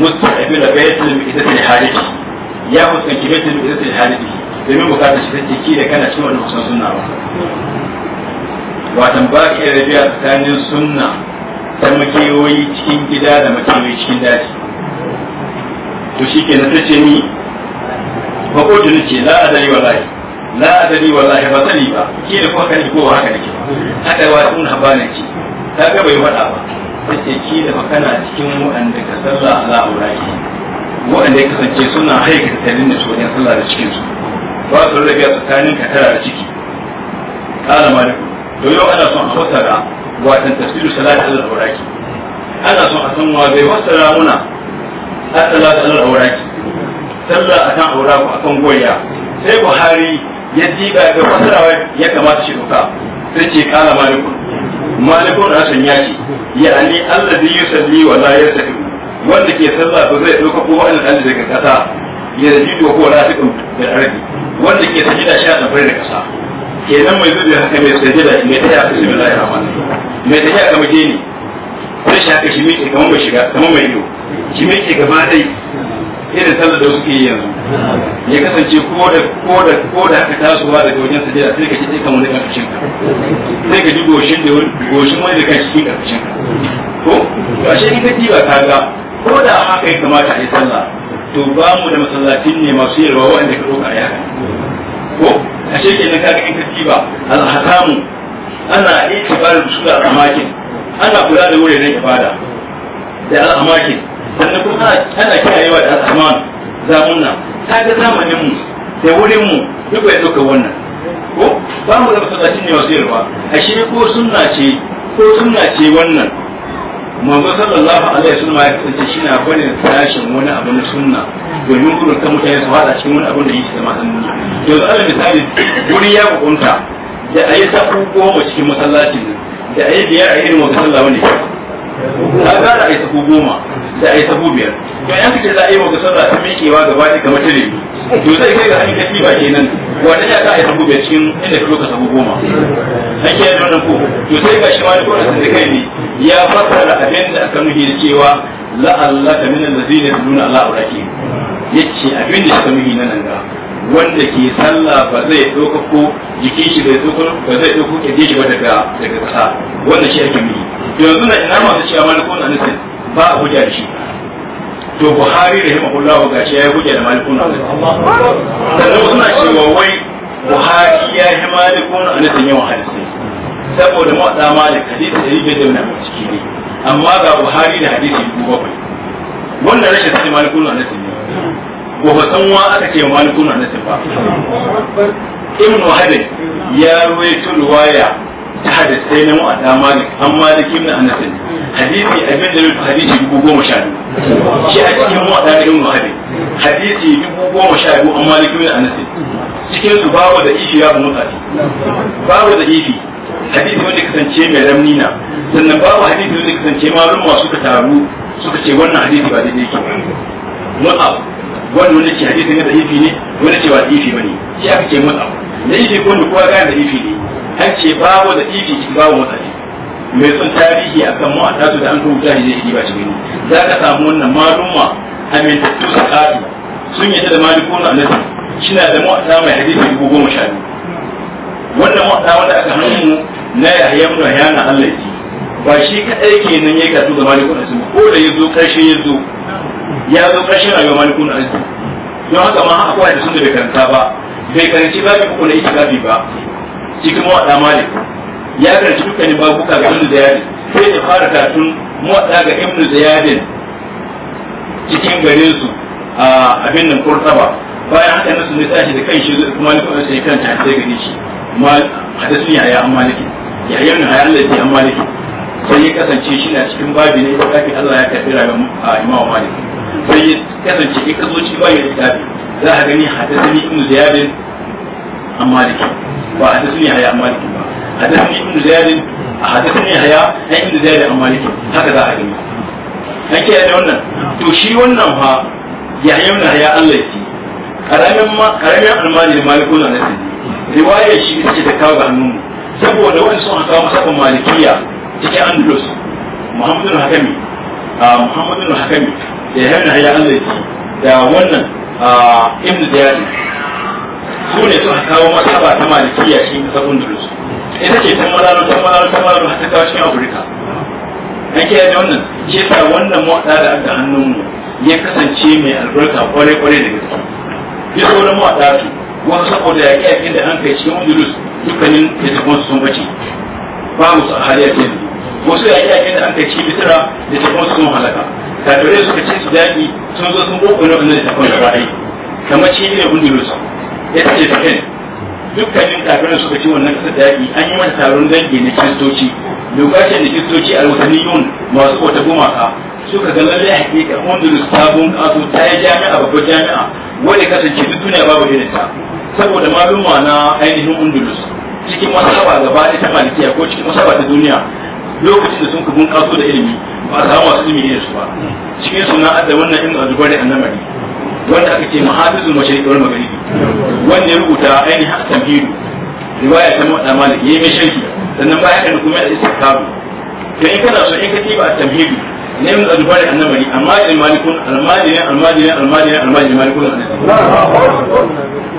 mustaqbil baitul miqdasil harifi ya fuskanci baitul miqdasil harifi domin bukatar shi ta ki da kana cikin wannan kusan sunna ba watan ba ki rabiya tsakanin sunna ta makewoyi cikin gida da makewoyi cikin daji to shi ke na tace ni ba ko tuni ce la adali wallahi la adali wallahi ba sani ba ke da kuma yi ko haka nake haka wa tun habana ce ta ga bai faɗa ba sai ki da makana cikin wanda ka sallah ala ulaki wanda ya kasance suna haika tattalin da su wajen sallah da cikin su ba su rage tsakanin tara da ciki kala maliku to yau ana son a fassara watan tafsiru salati ala ulaki ana son a san wa bai fassara muna salati ala ulaki sallah akan aura ku akan goya sai buhari ya diba ga fasarawa ya kamata shi doka sai ce kala malikun malikun rashin ya ce ya ani allah da yi salli wa la ya salli wanda ke sallah ba zai doka ko wani dan daga kasa ya zaji doka ko la tukun da arabi wanda ke sajida da a bai da kasa kenan mai zuwa haka mai da mai taya su bismillahir rahmanir mai taya kamar gini sai shaka shi mai kamar mai shiga kamar mai yiwu shi mai gaba dai irin sallar da suke yi yanzu ya kasance ko da ko da ko da ka tasowa daga wajen sujada sai ka ji kan wani kafin ka sai ka ji goshin da goshin wani daga cikin kafin ka ko ga shi in ka ba ka ga ko da haka ya kamata a yi sallah to ba mu da masallacin ne masu yarwa wanda ka roƙa ya ko a shekin na kaga in ka tiba alhatamu ana itibarin su da amakin ana kula da wuraren ibada da al'amakin sannan kuma tana kiyayewa da al'aman zamun nan ta ga zamaninmu mu da wurin mu duk bai duka wannan ko ba mu da masallacin ne wasu yarwa shi ko sunna ce ko sunna ce wannan manzo sallallahu alaihi wasallam ya kasance shi na bane tashin wani abu na sunna domin gudun ta mutane su hada cikin wani abu da yake da masanni yanzu alal misali wuri ya hukunta da ayi sabu goma cikin masallacin da ayi biya a irin wasu sallah ne ka gara da aisa sahu goma da aisa yi sahu biyar to yan kace za a yi maka sallah ta miƙewa gaba ɗaya kamar ta lemi to sai kai ga an kaci ba kenan wanda ya ka aisa yi biyar cikin inda ka ka sahu goma an kiyaye da wannan ko to sai ga shi ma da kowane sun kai ne ya fassara abin da aka nuhi da cewa la'allaka min allazina yadunna ala uraki yace abin da aka nuhi nan ga wanda ke sallah ba zai ɗaukako jikin shi bai ɗaukako ba zai ɗaukako ƙirje shi ba daga daga ƙasa wanda shi ake nuhi yanzu na ina masu cewa malikun anisin ba a hujja shi to buhari da himahullahu ga shi ya yi hujja da malikun anisin sannan suna cewa wai buhari ya yi malikun anisin yawan hadisai saboda mawaɗa malik hadisi da yake da na ciki ne amma ga buhari da hadisi ko bakwai wannan rashin sai malikun anisin ne ba san wa aka ce malikun anisin ba Ibn hadin ya ruwaito riwaya ta hadisai na mu'adda malik an maliki ibn anas hadisi abin da rubuta hadisi dubu goma sha biyu shi a cikin mu'adda da ibn hadis hadisi dubu goma sha biyu an maliki ibn anas cikin su babu da ishi ya bu mutane babu da ishi hadisi wanda kasance mai ramni na sannan babu hadisi wanda kasance malum masu ka taru suka ce wannan hadisi ba daidai ke mut'ab wani wanda ce hadisi ne da ifi ne wanda ce ba ifi bane shi aka ce mut'ab da ifi ko ne kowa gane da ifi ne an ce babu da tibi cikin babu mutane mai sun tarihi akan mu a tatu da an rubuta ne zai ba cikin za ka samu wannan maluma da su ƙari sun yi da malikuna a nasi shina da mu'ata mai hadisi dubu goma sha biyu wannan mu'ata wanda aka hannu na yahya mun yahya na Allah ji ba shi kadai ke nan yayi da ga na sun ko da yazo karshe yazo ya zo karshen rayuwar na sun don haka ma akwai da sun da bai karanta ba bai karanci ba ko da itikafi ba cikin mawaɗa malik ya duka dukkanin babuka ga ibnu ziyadin sai ya fara karatun mawaɗa ga ibnu ziyadin cikin garin su a abin nan kurtaba bayan haka nasu ne tashi da shi zai kuma ne kuma sai kanta sai gani shi ma hadisin yaya an maliki yayan nan hayan Allah ya maliki sai ya kasance shi na cikin babi ne da kafin Allah ya karbi rayuwar imawa Malik sai ya kasance ya kazo cikin babi da za a gani hadisin ibnu Ziyad عن مالك وحدثني يحيى عن مالك حدثني ابن زياد حدثني يحيى ابن زياد عن مالك هكذا أجمع nake da wannan to shi wannan fa ya yi wannan ya Allah ki karamin ma karamin almani da malikuna na sai riwaya shi ita ce ta kawo ga hannun saboda wani sun haka masa malikiya cikin Andalus Muhammadu Hakami Muhammadu Hakami da ya yi da wannan ibn Ziyad su ne suka kawo masaba ta malikiya cikin kasar Andalus ita ce ta malalu ta malalu ta malalu ta kawo cikin Afirka an kiyaye da wannan shi sa wannan mawaɗa da aka hannunmu ya kasance mai albarka kwarai kwarai da gaske ya sauran mawaɗa su wasu saboda ya kiyaye da an kai cikin wajulus dukkanin su sun bace ba mu su a hali a kenan wasu ya kiyaye da an kai cikin bitira su sun halaka kafirai suka ce su daɗi sun zo sun boko na wannan littafin da ra'ayi kamar cikin wajulus ya ce fin dukkanin kafirin suka ci wannan kasar an yi mata taron dangi na kiristoci lokacin da kiristoci a yun masu wata gumaka suka ga a hakika Honduras sabon kaso ta yi jami'a babbar jami'a wanda kasance duk duniya babu irin ta saboda malumma na ainihin Honduras cikin masaba gaba ta malikiya ko cikin masaba ta duniya lokacin da sun kubun kaso da ilimi ba a samu masu ilimi irin su ba cikin suna adda wannan in a zubar da annamari wanda aka ce mahadithul mashariq wal magharibi wanda ya rubuta ainihin at-tamhid riwaya ta Muhammad Malik yayi mai sharhi sannan baya kan kuma al-istikaru to in kana so in ka tiba at-tamhid ne mun zuwa da annabi amma al malikun al-madini al-madini al-madini al-madini malikun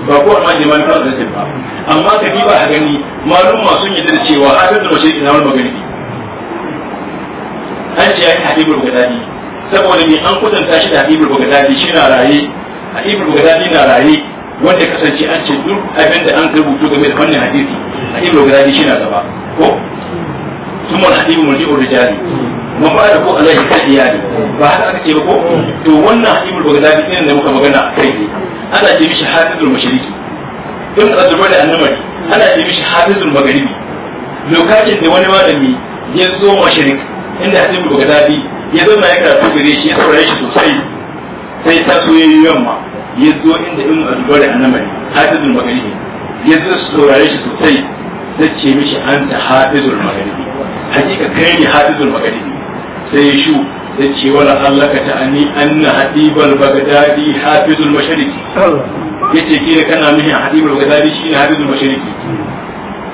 ba ko al-madini malikun al-annabi amma ka tiba a gani malum ma sun yi da cewa hadithul mashariq wal magharibi an ce ya hadithul ghadadi saboda ne an kwatanta shi da ibul bugadadi shi na raye a ibul bugadadi na raye wanda kasance an ce duk abin da an rubutu game da wannan hadisi a ibul bugadadi shi na gaba ko ثم الحديث مرجع الرجال mabada ko Allah ya kaɗi yari ba haka aka ce ba ko to wannan hadimul bagdadi ɗin da muka magana kai ne ana ce mishi hafizul mushriki don ka zuba da annabi ana ce mishi hafizul magaribi lokacin da wani malami ya zo mashrik inda hadimul bagdadi ya zama ya karatu gare shi ya saurare shi sosai sai ta so yi yamma ya zo inda ibnu abdullah annabari hafizul magharibi ya zo saurare shi sosai ta ce mishi anta hafizul magharibi hakika kai ne hafizul magharibi sai ya shu ta ce wala allaka ta'ani anna hadibal bagdadi hafizul mashariqi yace kira kana mihin hadibal bagdadi shine hafizul mashariqi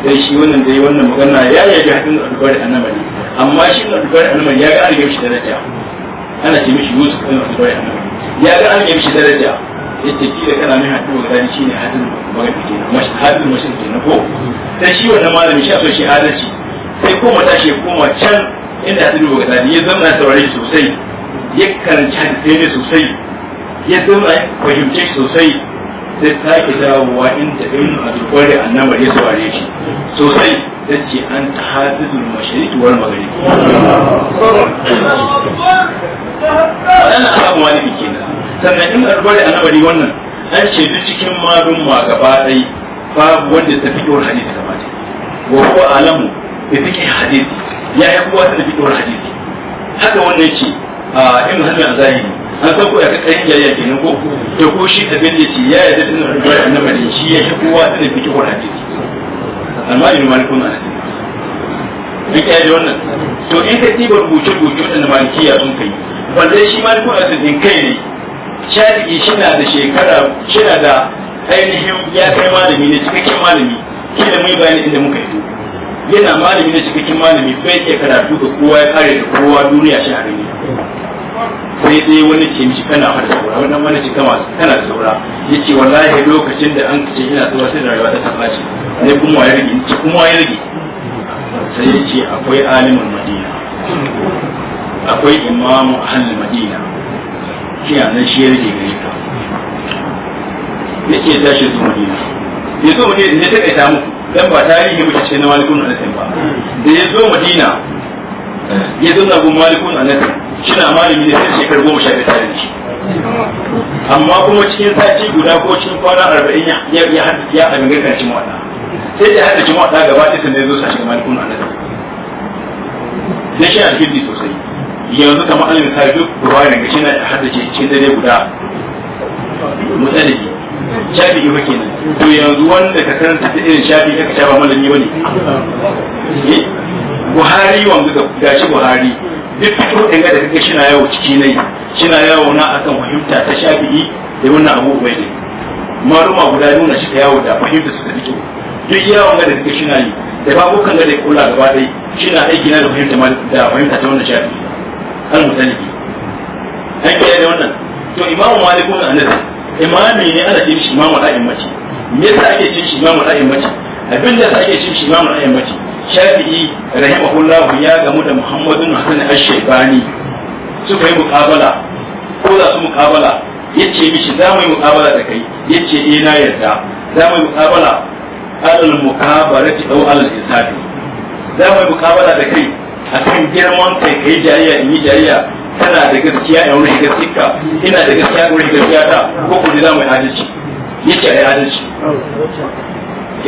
dai shi wannan dai wannan magana ya ya ji hadin alƙawari annabi amma shi na alƙawari annabi ya ga an yi shi daraja ana ce mishi Yusuf ɗin alƙawari annabi ya ga an yi shi daraja yace kila kana mai hadin magana shine hadin magana ke nan mashi hadin mashi ke nan ko sai shi wannan malami shi a so shi adalci sai koma tashi koma can inda hadin magana ya zama saurari sosai ya karanci ne sosai ya zama fahimce sosai sai sake dawowa inda ibn al-qari annaba ya saurare shi sosai ce an tahadidul mashriq wal maghrib wannan abu wani biki na sannan in al a annaba wannan an ce duk cikin malum ma gaba dai babu wanda ta fi dora hadisi gaba dai wa huwa alamu bi fiqh hadisi ya yi kowa ta fi ɗora hadisi haka wannan ce a ibn hazm al-zahiri an san ko ya ka tsayin jayyan kenan ko to ko shi abin da ce ya yadda tun da ya annaba shi ya shi kowa da da fiki wani hadisi amma ibn malik kun ana duk ya ji wannan to in ka tiba rubuce rubuce wadanda malikiya sun kai wanda shi malikun asirin kai ne shafi'i shi na da shekara shi na da ainihin ya kai malami ne cikakken malami da mai bayani inda muka yi yana malami ne cikakken malami bai iya karatu da kowa ya kare da kowa duniya shi a sai dai wani ce mishi kana hada saura wannan wani ce kama kana saura yace wallahi lokacin da an ce ina saura sai da rayuwa ta shi ne kuma ya rage ce kuma ya rage sai yace akwai alimin madina akwai imamu ahli madina nan shi ya rage gare ka yace ya tashi zuwa madina ya zo madina ne ta ta muku dan ba tarihi mace ce na malikun alaihi ba da ya zo madina ya zo abun malikun a nan shina malami ne sai shekar goma sha biyar tare da amma kuma cikin sati guda ko cikin kwana arba'in ya ya ya amince kan cin wata sai da hada cin wata gaba ɗaya sannan ya zo sashen malikun a nan dan shi alhibbi sosai yanzu kamar alin sa duk ruwayan ga shina hada ce cikin dare guda mutsaliki shafi ba kenan to yanzu wanda ka karanta irin shafi ka shafa malami bane eh? buhari wanzu da gashi buhari duk fito ɗin da kake shina yawo ciki ne shina na yawo na akan fahimta ta shafi'i da wannan abu ubai ne maruma guda nuna shi ta yawo da fahimta su ta fito duk yawon ga da kake shina yi da babukan ga da kula gaba dai shi na aiki na da fahimta da fahimta ta wannan shafi'i an mutaliki an kiyaye da wannan to imamu malikun anas imami ne ana cin shi imamu ra'ayin mace me yasa ake cin shi imamu ra'ayin mace abin da yasa ake cin shi imamu ra'ayin mace shafi'i rahimahullahu ya gamu da muhammadun hasan ash-shaybani suka yi muqabala ko za su muqabala yace mishi za mu yi muqabala da kai yace eh na yarda za mu yi muqabala alal muqabalati aw alal hisabi za mu yi muqabala da kai akan girman kai kai jariya in yi jariya kana da gaskiya in wurin gaskiya ina da gaskiya in wurin gaskiya ta ko ku za mu yi adalci yace ai adalci oh,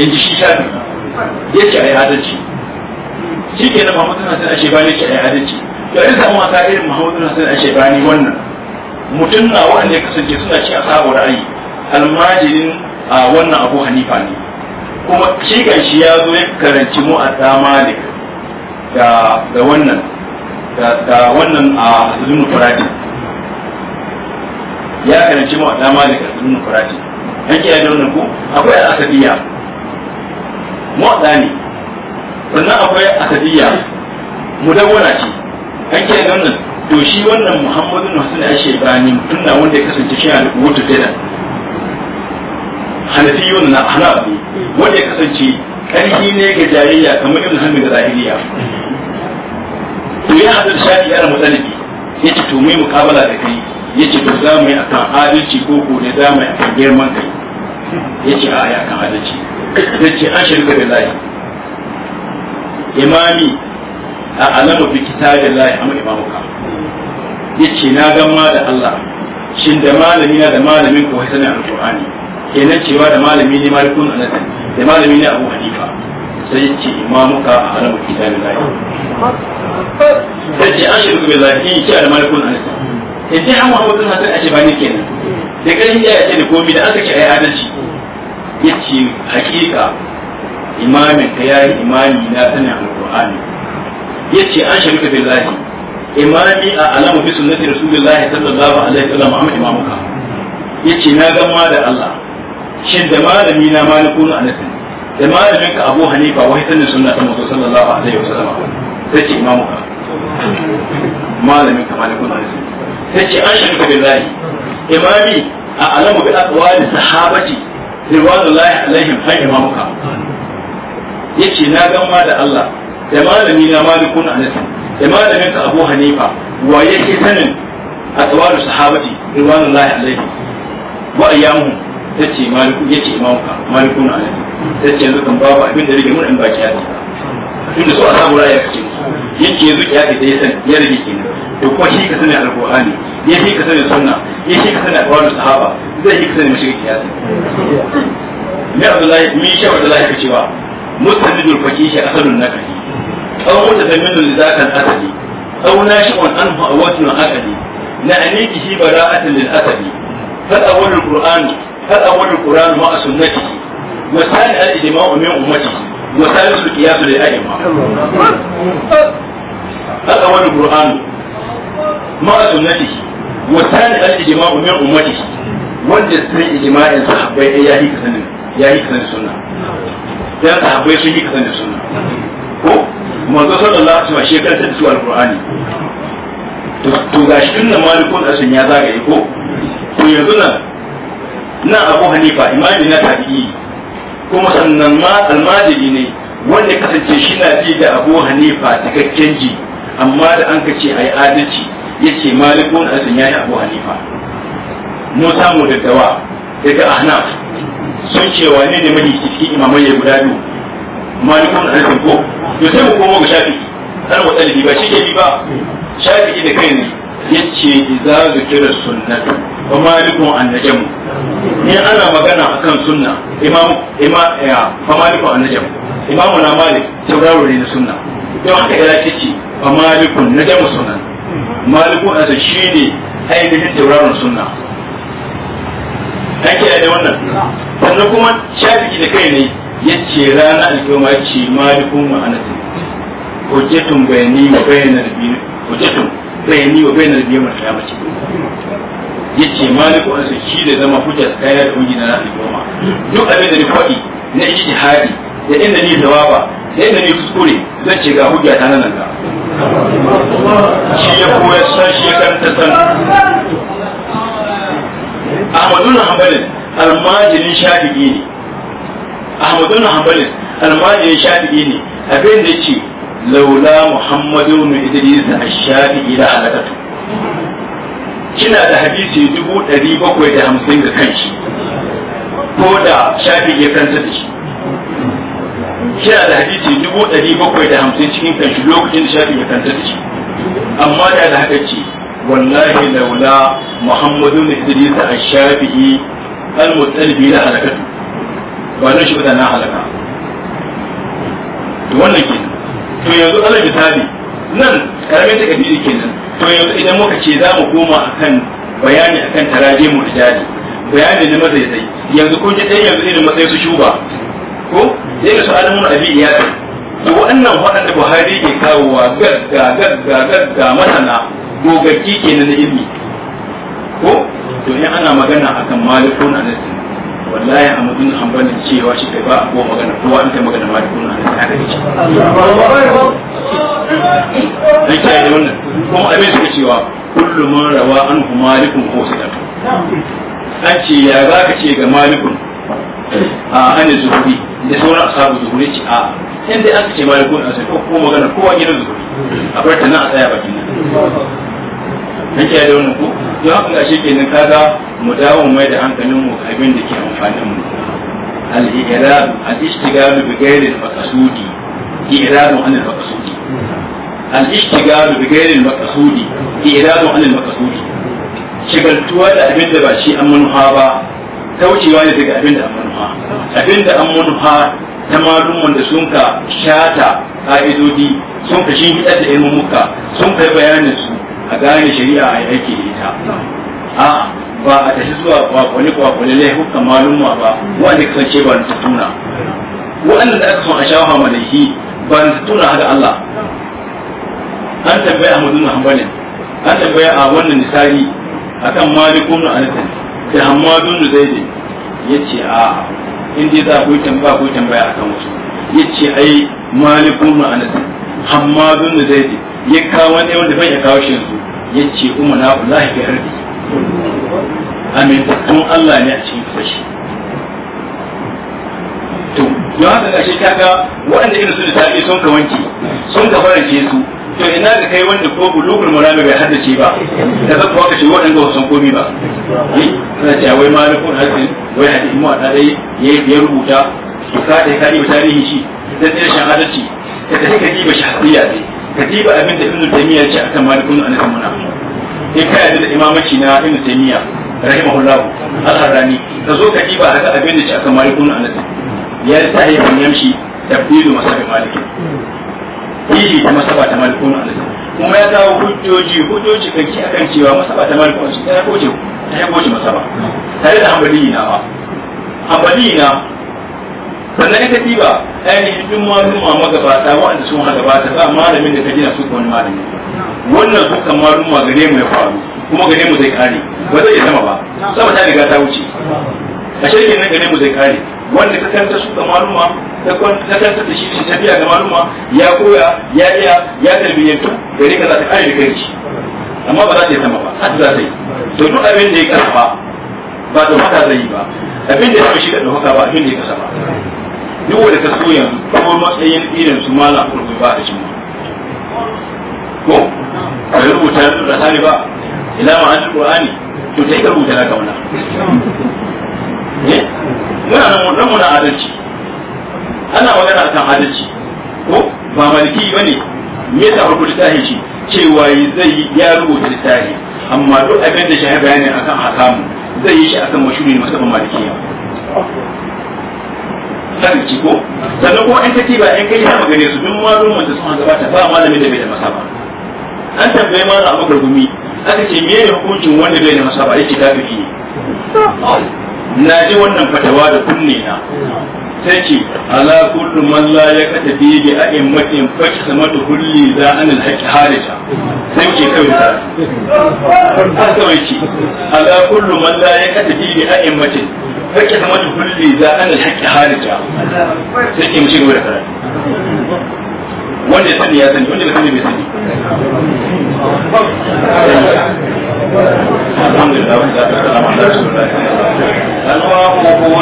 in ji shi shafi'i ya ce yi adalci shi ke na mahammadu na sai a shebani ke yi adalci da in samu mata irin mahammadu na sai a shebani wannan mutum na wanda ya kasance suna ci a sabon ra'ayi almajirin a wannan abu hanifa ne kuma shi kan shi ya zo ya karanci mu a malik da wannan da wannan a zulmu faradi ya karanci mu a malik a zulmu faradi an kiyaye da wannan ku akwai al'asabiya muwadda ne sannan akwai asadiyya mudawwara ce an ke da wannan to shi wannan muhammadu na hasan ashe bani tunna wanda ya kasance shi a wutu da hanafiyun na hanafi wanda ya kasance ƙarfi ne ga jayayya kamar na hannun da zahiriya to ya hadu da shafi yana mutsalibi ya ce to mu yi mukabala da kai ya ce to za mu yi akan adalci ko ko ne za mu yi akan girman kai ya ce a ya kan adalci yace ashirka billahi imami a alama alamu bi kitabillahi amma imamuka yace na gama da Allah shin da malami na da malamin ko sai na alqur'ani kenan cewa da malami ne malikun anas da malami ne abu hanifa sai yace imamuka a alama alamu bi kitabillahi yace ashirka billahi yace da malikun anas yace an wa mutum hasan ashibani kenan da garin ya yace da komai da aka ce ai adalci ya ce hakika imamin ka yayi imani na sanin alqur'ani ya ce an sharika billahi imami a alamu bi sunnati rasulillahi sallallahu alaihi wasallam amma imamuka ya na gama da Allah shin da malami na malikun anas da malamin ka Abu Hanifa wai sanin sunna ta Muhammad sallallahu alaihi wasallam sai ce imamuka malamin ka malikun anas sai ce an sharika billahi imami a alamu bi aqwali sahabati ridwanullahi alaihim imamuka yace na gan ma da Allah da malami na malikun anas da malamin ka Abu Hanifa wa yake sanin atwaru sahabati ridwanullahi alaihim wa ayyamuhum yace maliku yace imamuka malikun anas yace yanzu kan babu abin da rige mun in baki ya tunda asabu yake yanzu ya ga dai san ya rage kenan to kuma shi ka sani alqur'ani ya shi ka sani sunna ya shi ka sani alqur'ani sahaba zai shi ka sani mushi kiyasi ne abdullahi mi shi abdullahi ka cewa mustadidul faqihi asadun nakali aw mutadamminu lizakan asali aw nashi'un anhu awatun akali na aniki shi bara'atan lil asali fal awwal alqur'an fal awwal alqur'an ma sunnatihi wa sani al-ijma'u min ummatihi وثالث القياس للأئمة هذا هو القرآن مع سنته وثالث الإجماع من أمته wanda sun ijima'in in sahabbai ya yi kasanin ya yi kasanin sunna dan sahabbai sun yi kasanin sunna ko manzo sallallahu alaihi wasallam shekar da su alqur'ani to ga shi inna malikun asun ya zagaye ko to yanzu nan na abu hanifa imani na tabi'i kuma sannan ma almajiri ne wanda kasance shi na ji da abu hanifa cikakken ji amma da an ka ce a yi adalci ya ce malikun asin ya yi abu hanifa mu samu daddawa daga ahnaf sun ce wane ne mahi cikin imamai ya guda biyu malikun asin ko to sai mu koma ga shafi har wa ba shi ke bi ba shafi'i da kai ne ya yace idza zikira sunnatu wa malikun annajam in ana magana akan sunna imam ima ya fa malikun annajam imamu na malik tauraro ne na suna. don haka ya ce fa malikun najam sunan malikun asa ne ainihin tauraron sunna an kiyaye wannan sannan kuma shafi'i da kai ne ya yace rana alkiyama ce malikun ma'anatin hujjatun bayani bayanar biyu hujjatun bayani wa bainal yawmal qiyamati yace maliku an shi da zama hujja tsaya da hujji na rafi duk abin da ni faɗi na ijtihadi da inda ni jawaba da inda ni kuskure zan ce ga hujja ta nan ga shi ya koyar san shi ya karanta san Ahmadu na hambalin almajirin shafi'i ne Ahmadu na hambalin almajirin shafi'i ne abin da ce laula muhammadu ibn idris ash-shafi'i la halakatu kina da hadisi dubu ɗari bakwai da hamsin da kanshi ko da shafi ya kanta da shi kina da hadisi dubu ɗari bakwai da hamsin cikin kanshi lokacin da shafi ya kanta da shi amma da da haka ce wallahi muhammadu idris al halakatu ba na wannan to yanzu alal misali nan karamin takadiri kenan to yanzu idan muka ce za mu koma akan bayani akan taraje mu jari bayani na sai yanzu ko ji dai yanzu irin matsayin su shuba ko sai ga su mun abi iyaka to wannan waɗanda Buhari ke kawowa gagga gagga gagga masana gogaki kenan na ilmi ko to in ana magana akan malikun anasin wallahi a mutum an bani cewa shi kai ba a kowa magana kowa an kai magana ma da kuna an ta gari ce zai kiyaye da wannan kuma abin suka cewa kullum man rawa an malikun ko su dato an ce ya za ka ce ga malikun a an zuhuri da sauran sabu zuhuri ce a in dai aka ce malikun a sai ko magana kowa gina zuhuri a bar ta na a tsaya bakin nan zai da wannan ko don haka ga shi kenan kaga mu dawo mai da hankalin mu abin da ke amfanin mu al-i'lab al-ishtighal bi ghayri al-maqsudi i'lab an al-maqsudi al-ishtighal bi ghayri al-maqsudi i'lab an al-maqsudi shigaltuwa da abin da ba shi an manuha ba kaucewa ne daga abin da an manuha abin da an manuha ta malumman wanda sun ka shata ka'idodi sun ka shi hidar da muka, sun kai bayanin su a gane shari'a a yake da ita a ba a tafi zuwa kwakwale kwakwale malum malumma ba kan kasance ba ta tuna wanda da aka son a shawo hamalahi ba ta tuna haka Allah an tabbai Ahmadu bin Hanbalin an tabbai a wannan misali akan malikun anas da Hammadu bin Zaid yace a in dai za ku tambaya ku tambaya akan wasu yace ai malikun anas Hammadu bin Zaid ya kawo wani wanda bai ya kawo shi yanzu ya ce umu na Allah ya harbi amin don Allah ne a cikin fashi to yau haka ƙarshe ta ga waɗanda irin su da tafi sun ka wanke sun ka farance su to ina ga kai wanda ko bulugul murami bai haddace ba da zaka waka shi waɗanda ba san komi ba suna cewa wai malikun hasin wai hadisi mu a dai ya rubuta ka da ka yi tarihi shi da tsira adalci da take ka ji ba shahadiya ne katiba abin da ibnu taymiya ce akan malik ibn anas mun in ka yarda da imamaci na ibnu taymiya rahimahullahu al-harrani ka zo katiba haka abin da ce akan malik ibn anas ya ta yi kun yamshi tabdilu masabi malik yi ta masaba ta malik ibn anas kuma ya kawo hujjoji hujjoji kan akan cewa masaba ta malik ibn anas ta ya goje ta ya goje masaba tare da hanbali na ba hanbali na sannan ka diba ainihin bin maluma magabata wa'anda sun ba gabata ba malamin da ka gina su wani malami wannan sukan maluma gare mu ya faru kuma gare mu zai kare ba zai zama ba sama ta riga ta wuce a shirkin nan gare mu zai kare wanda ka kanta su ga maluma ta kanta da shi shi tafiya ga maluma ya koya ya iya ya tarbiyyantu gare ka za ta kare da kai amma ba za ta zama sama ba haka za ta yi to duk abin da ya kasa ba ba da haka zai yi ba abin da ya fi shiga da haka ba abin da ya kasa ba duk wanda ka so yanzu kuma matsayin irin su malam kurbi ba a cimma ko ka rubuta yanzu da hali ba ila ma an qur'ani to ta yi ka rubuta naka wannan eh? muna nan mun muna adalci ana magana kan adalci ko ba maliki ba ne me yasa farko littafi ce cewa zai yi ya rubuta littafi amma duk abin da shi bayani akan hakamu zai yi shi akan mashuri musamman malikiya sakaci ko sannan kuma in kaci ba in kai ta magane su duk malumman da sun gabata ba malami da bai da masaba an tambaye ma a makar gumi aka ce me ne hukuncin wanda bai da masaba yake fi ne na ji wannan fatawa da kunne na sai ce ala kullu man la ya kata bi bi a'in matin faki samatu kulli za an alhaqi halita sai ke kawai ta haka wai ce ala kullu man la ya kata bi bi a'in matin kake zama da kulli za an alhaqi halija sai ke mace gaba da karatu wanda ya sani ya sani wanda ya sani bai sani alhamdulillah wanda ta kala ma da su da alwahu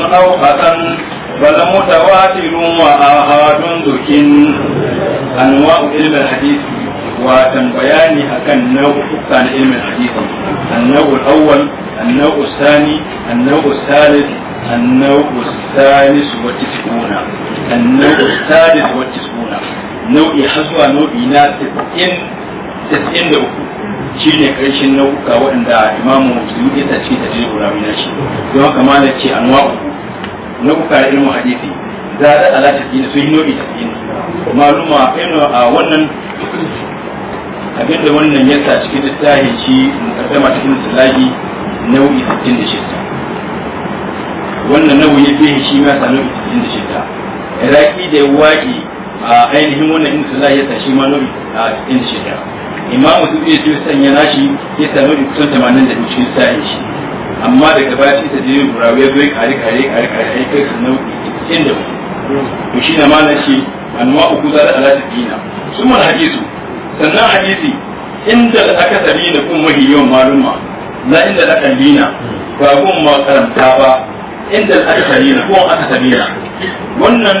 la da بل متواتر وآحاد ذكر أنواع علم الحديث watan bayani akan nau'uka na ilmin hadisi annau awwal annau sani annau salis annau salis wa tisuna annau salis wa tisuna nau'i hasuwa nau'i na 93 shi ne karshen nau'uka waɗanda imamu musulmi ya tace ta jirgin rawi na shi don haka malam ce anwa'u nau'uka na ilmin hadisi za a ala tafi da a wannan da wannan ya sa cikin littafi shi mukaddama cikin littafi nau'i 66 wannan nau'i ya fi shi ma sa nau'i 66 iraki da waƙi a ainihin wannan in Allah ya sa shi ma nau'i 66 imamu su iya ce sanya nashi ya sa nau'i kusan 80 cikin littafin shi amma daga baya shi ta jirin burawa ya zo ya kare kare kare kare ya kai su nau'i 64 to shi na ma na ce anwa uku za da alaƙa dina sun mana haƙi su sannan hadisi inda akasari da kun mahi yawan maluma na inda akallina ba gun ma karanta ba inda akasari da kun akasari na wannan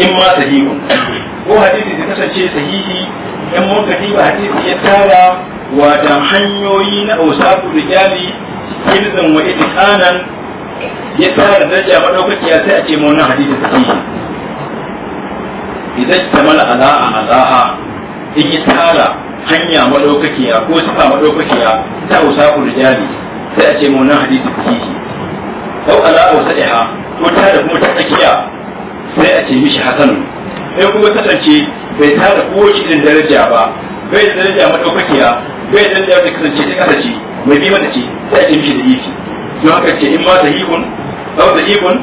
in ma sahihu ko hadisi da kasance sahihi in mun kadi ba hadisi ya tara wata hanyoyi na ausafu rijali ilzan wa itiqanan ya tara daraja ya sai a ce ma wannan hadisi sahihi idan tamala ala'a ala'a in ya tara hanya madaukakiya ko sifa madaukakiya ta usafu rijali sai a ce mu nan hadisi sahihi sau ala wasa ɗaya ko ta da kuma ta tsakiya sai a ce mishi hasan sai kuma kasance bai ta da ko kowace irin daraja ba bai da daraja madaukakiya bai da daraja da kasance ta kasance mai bi mata ce sai a ce mishi da ifi don haka ce in ma sahihun aw sahihun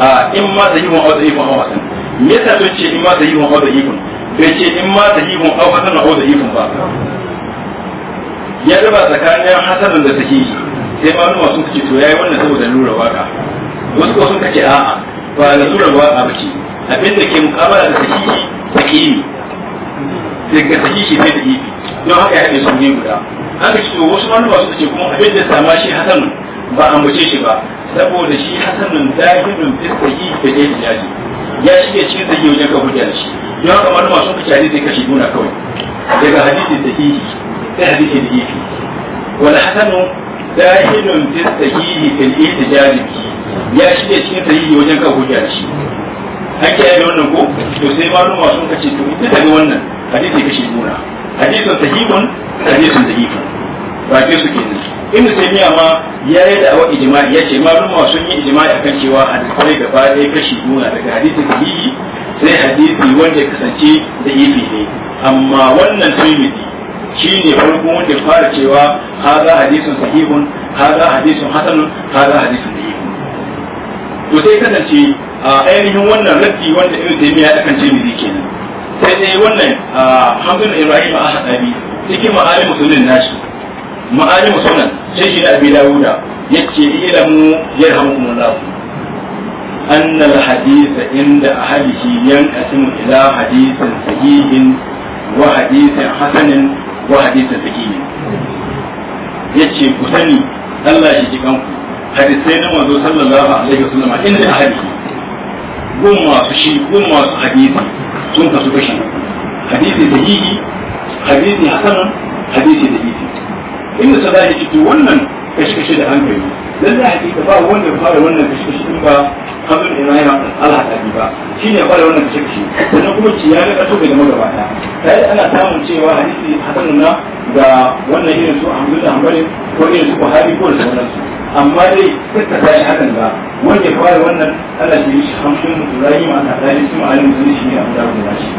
a in ma sahihun aw sahihun aw hasan me yasa sun ce in ma sahihun yi kun? bai in ma da ihun au hasan au da ihun ba ya raba tsakanin hasanan da take yi sai maluma sun kace to yayi wannan saboda lura waka wasu ko sun kace a'a ba da lura waka ba ce da ke mukabala da take yi take yi sai ka take shi sai da yi don haka ya haɗe sun ne guda an ka to wasu maluma sun kace kuma abin da sama shi hasanan ba an bace shi ba saboda shi hasanun dahilun fi sahihi da ya ji ya shige cikin sahihi wajen ka hujja da shi don haka wani masu kace zai kashe guna kawai daga hadisi sahihi sai hadisi da yifi wal hasanu dahilun fi sahihi fil itijabi ya shige cikin sahihi wajen kan hujja shi ake yi wannan ko to sai malum masu kace to ita daga wannan hadisi kashi guna hadisin sahihun hadisin da yifi ba ke su kenan ibn taymiya ma ya yi da wa ijma'i ya ce malum sun yi ijma'i akan cewa hadisai gaba ɗaya kashi nuna daga hadisi sahihi sai hadisi wanda ya kasance da ifi ne amma wannan tirmidhi shine farko wanda fara cewa haza hadisun sahihun haza hadisun hasanun haza hadisun sahihun to sai kasance a ainihin wannan raddi wanda ibn taymiya ya kan tirmidhi kenan sai dai wannan hamdan ibrahim a hadabi cikin ma'alim musulmin nashi ma'alim sunan sai shi da abi dawuda ilamu ku sani Allah shi ji kanku hadisai na sallallahu alaihi wasallam inda hadisi gun masu shi gun masu hadisi sun kasu kashi hadisi sahihi hadisi hadisi inda sa zai ciki wannan kashe da hankali da hakika ba wanda ya fara wannan kashe din ba kamar ibrahim alhaɗaɗi ba shi ne ya fara wannan kashe-kashe sannan kuma ci ya ga ƙaso bai gama gaba ta tare ana samun cewa hadisi hasan na ga wannan irin su ahmadu da hanbali ko irin su buhari ko da sauransu amma dai kuka ta yi hakan ba wanda ya fara wannan allah shi shi hamsin ibrahim alhaɗaɗi su ma'alin musulmi shi ne abu da abu da shi.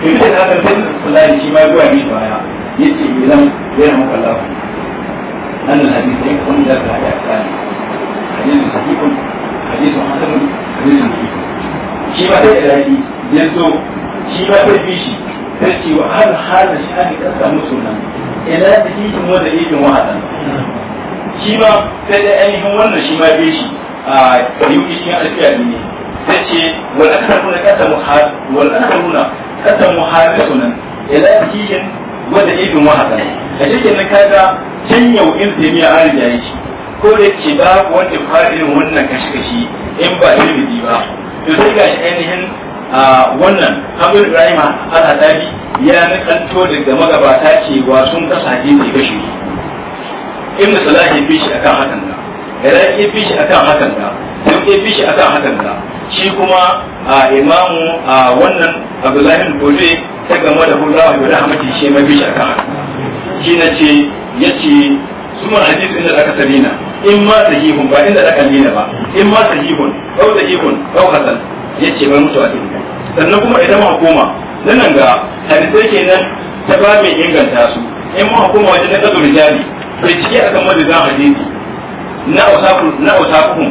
Ibi da hakan sai da kula shi ma ya goya baya yace idan zai ramu kallahu أن الحديث يكون لا في حياة حديث صحيح حديث حسن حديث صحيح شيء ما تأتي يبدو شيء ما تبيشي تأتي وهذا حال شأنك أسلم سنة إلا تكيكم ودليل واحدا shi ma sai da ainihin wannan shi ma be shi a yuki cikin alfiya ne ta ce wal akaruna kasa muhar wal akaruna kasa muhar sunan ila cikin wata ibin wahada da cikin nan kaga can yau in miya an riga yake ko da ke babu wanda fara irin wannan kashi kashi in ba ilimi ba to sai ga ainihin wannan abin ibrahim al dadi ya kanto daga magabata cewa sun kasa ne kashi in salahi bi shi akan hakan da ya bi shi akan hakan da sai bi shi akan hakan da shi kuma a imamu a wannan abdullahi gobe ta gama da hulɗa wa yau hamadi shi mai bisha kan shi na ce ya ce suma hadisi inda aka sabina in ma sahihun ba inda aka lina ba in ma sahihun au sahihun au hasan ya ce mai mutu a sannan kuma idan ma koma nan ga hadisai kenan ta ba mai inganta su in ma hukuma wajen na kazo rijali bai cike akan madadin hadisi na wasafu na wasafuhum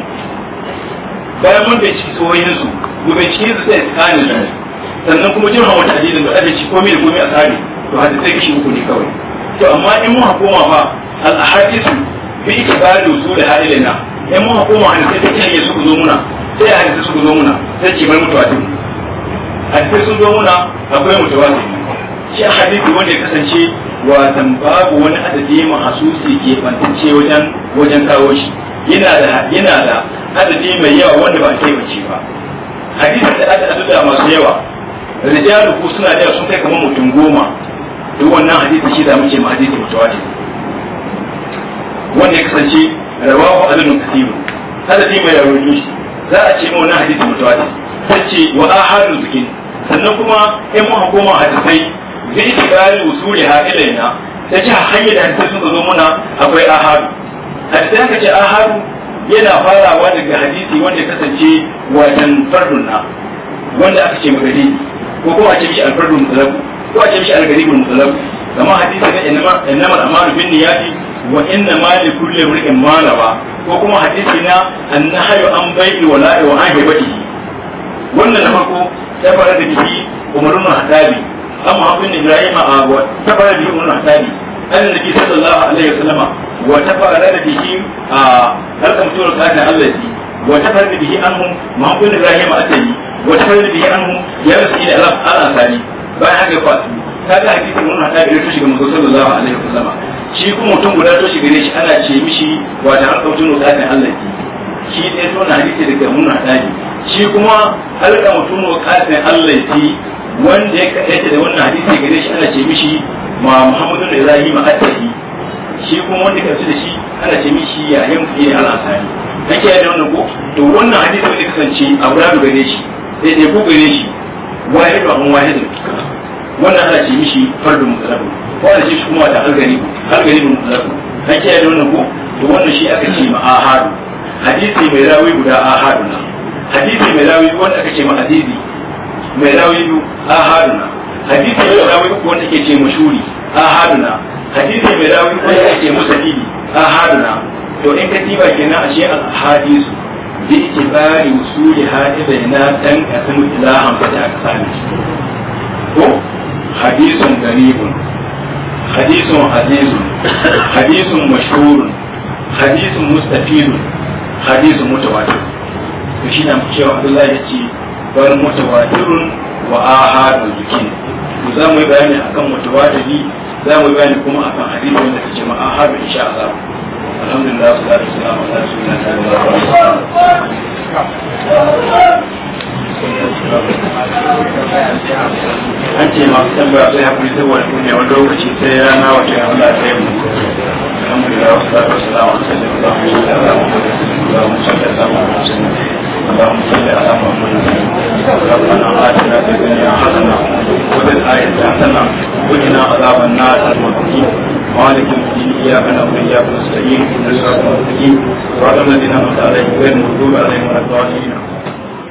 bayan mun da ciki tsohon su mu bai ciki su sai tsani su sannan kuma jin hawa hadisin da aka ci komai da komai a tsari to sai kishi uku ne kawai to amma in mun hakoma fa al ahadisu bi ikbalu su da halilina in mun hakoma sai take ne su zo muna sai hadisai su zo muna sai ce mai mutuwa din hadisai sun zo muna akwai mutuwa din shi hadisi wanda ya kasance wa babu wani adadi mahasusi ke bantance wajen wajen kawo shi yana da yana da adadi mai yawa wanda ba kai bace ba hadisi da aka tada masu yawa rijalu ko suna da sun kai kamar mutum goma duk wannan hadisi shi da muke ma hadisi mutawatir wanda ya kasance rawahu adadun kasiru adadi mai rawaito shi za a ce mu wannan hadisi mutawatir sace wa ahadu zikin sannan kuma in mu hukuma hadisai bi ikirari usuli ha ilaina ta ce hanyar da hadisai sun zo muna akwai ahadu hadisan ka ce ahadu yana farawa daga hadisi wanda kasance wajen fardun na wanda aka ce magani ko kuma a ce mishi alfardun mutalab ko a ce mishi algaribun mutalab kama hadisi na innama al'amalu bin niyati wa inna ma li kulli imrin ma nawa ko kuma hadisi na annahyu an bai'i wa la'i wa an hibati wannan na farko ta fara da bihi umarun hadabi amma abin ibrahim a ta fara da umarun hadabi an nabi sallallahu alaihi wasallama wa ta fara da bihi a halka mutuwar sahihin Allah ji wa ta fara da bihi anhum ma kun Ibrahim atayi wa ta fara da bihi anhum ya rasu rasul Allah ala sani bayan haka ya fasu ga hadisi mun ta da shi ga manzo sallallahu alaihi wasallama shi kuma mutum guda to shi gare shi ana ce mishi wa ta halka mutuwar sahihin Allah ji shi dai to na hadisi daga mun hada shi kuma halka mutum mutuwar sahihin Allah ji wanda ya kaɗaita da wannan hadisi gare shi ana ce mishi ma muhammadu da zai ma attabi shi kuma wanda kansu da shi ana ce mishi ya yin fiye al'asari nake yadda wannan ko to wannan hadisi wanda kasance abu da gare shi sai dai ko gare shi wahid wa an wahid wannan ana ce mishi fardu mutalabu ko ana ce shi kuma da algani algani mutalabu nake yadda wannan ko to wannan shi aka ce ma ahadu hadisi mai rawi guda ahadu na hadisi mai rawi wanda aka ce ma hadisi mai rawi ahadu na hadisi mai rawi ko wanda ke ce mushuri ahaduna hadisi mai rawi ko wanda ke musadidi ahaduna to in katiba kenan ashe al hadisu bi itibari usuli hadisa na dan kasamu ila hamsati aksan ko hadisun garibun hadisun azizun hadisun mashhurun hadisun mustafidun hadisun mutawatir to shi na cewa Abdullahi ya ce bar mutawatirun wa ahadul yakin za mu yi bayani akan mutawadili za mu yi bayani kuma akan hadisin da ke jama'a har insha Allah alhamdulillah salatu wassalamu an ce tambaya sai hakuri wani lokaci sai rana ya Allah sai mu alhamdulillah salatu اللهم صل على محمد ربنا آتنا في الدنيا حسنة وفي الآية حسنة وقنا عذاب النار المتقين مالك الدين إياك نعبد وإياك نستعين إن الصراط المستقيم صراط الذين أنعمت عليهم غير المغضوب عليهم ولا الضالين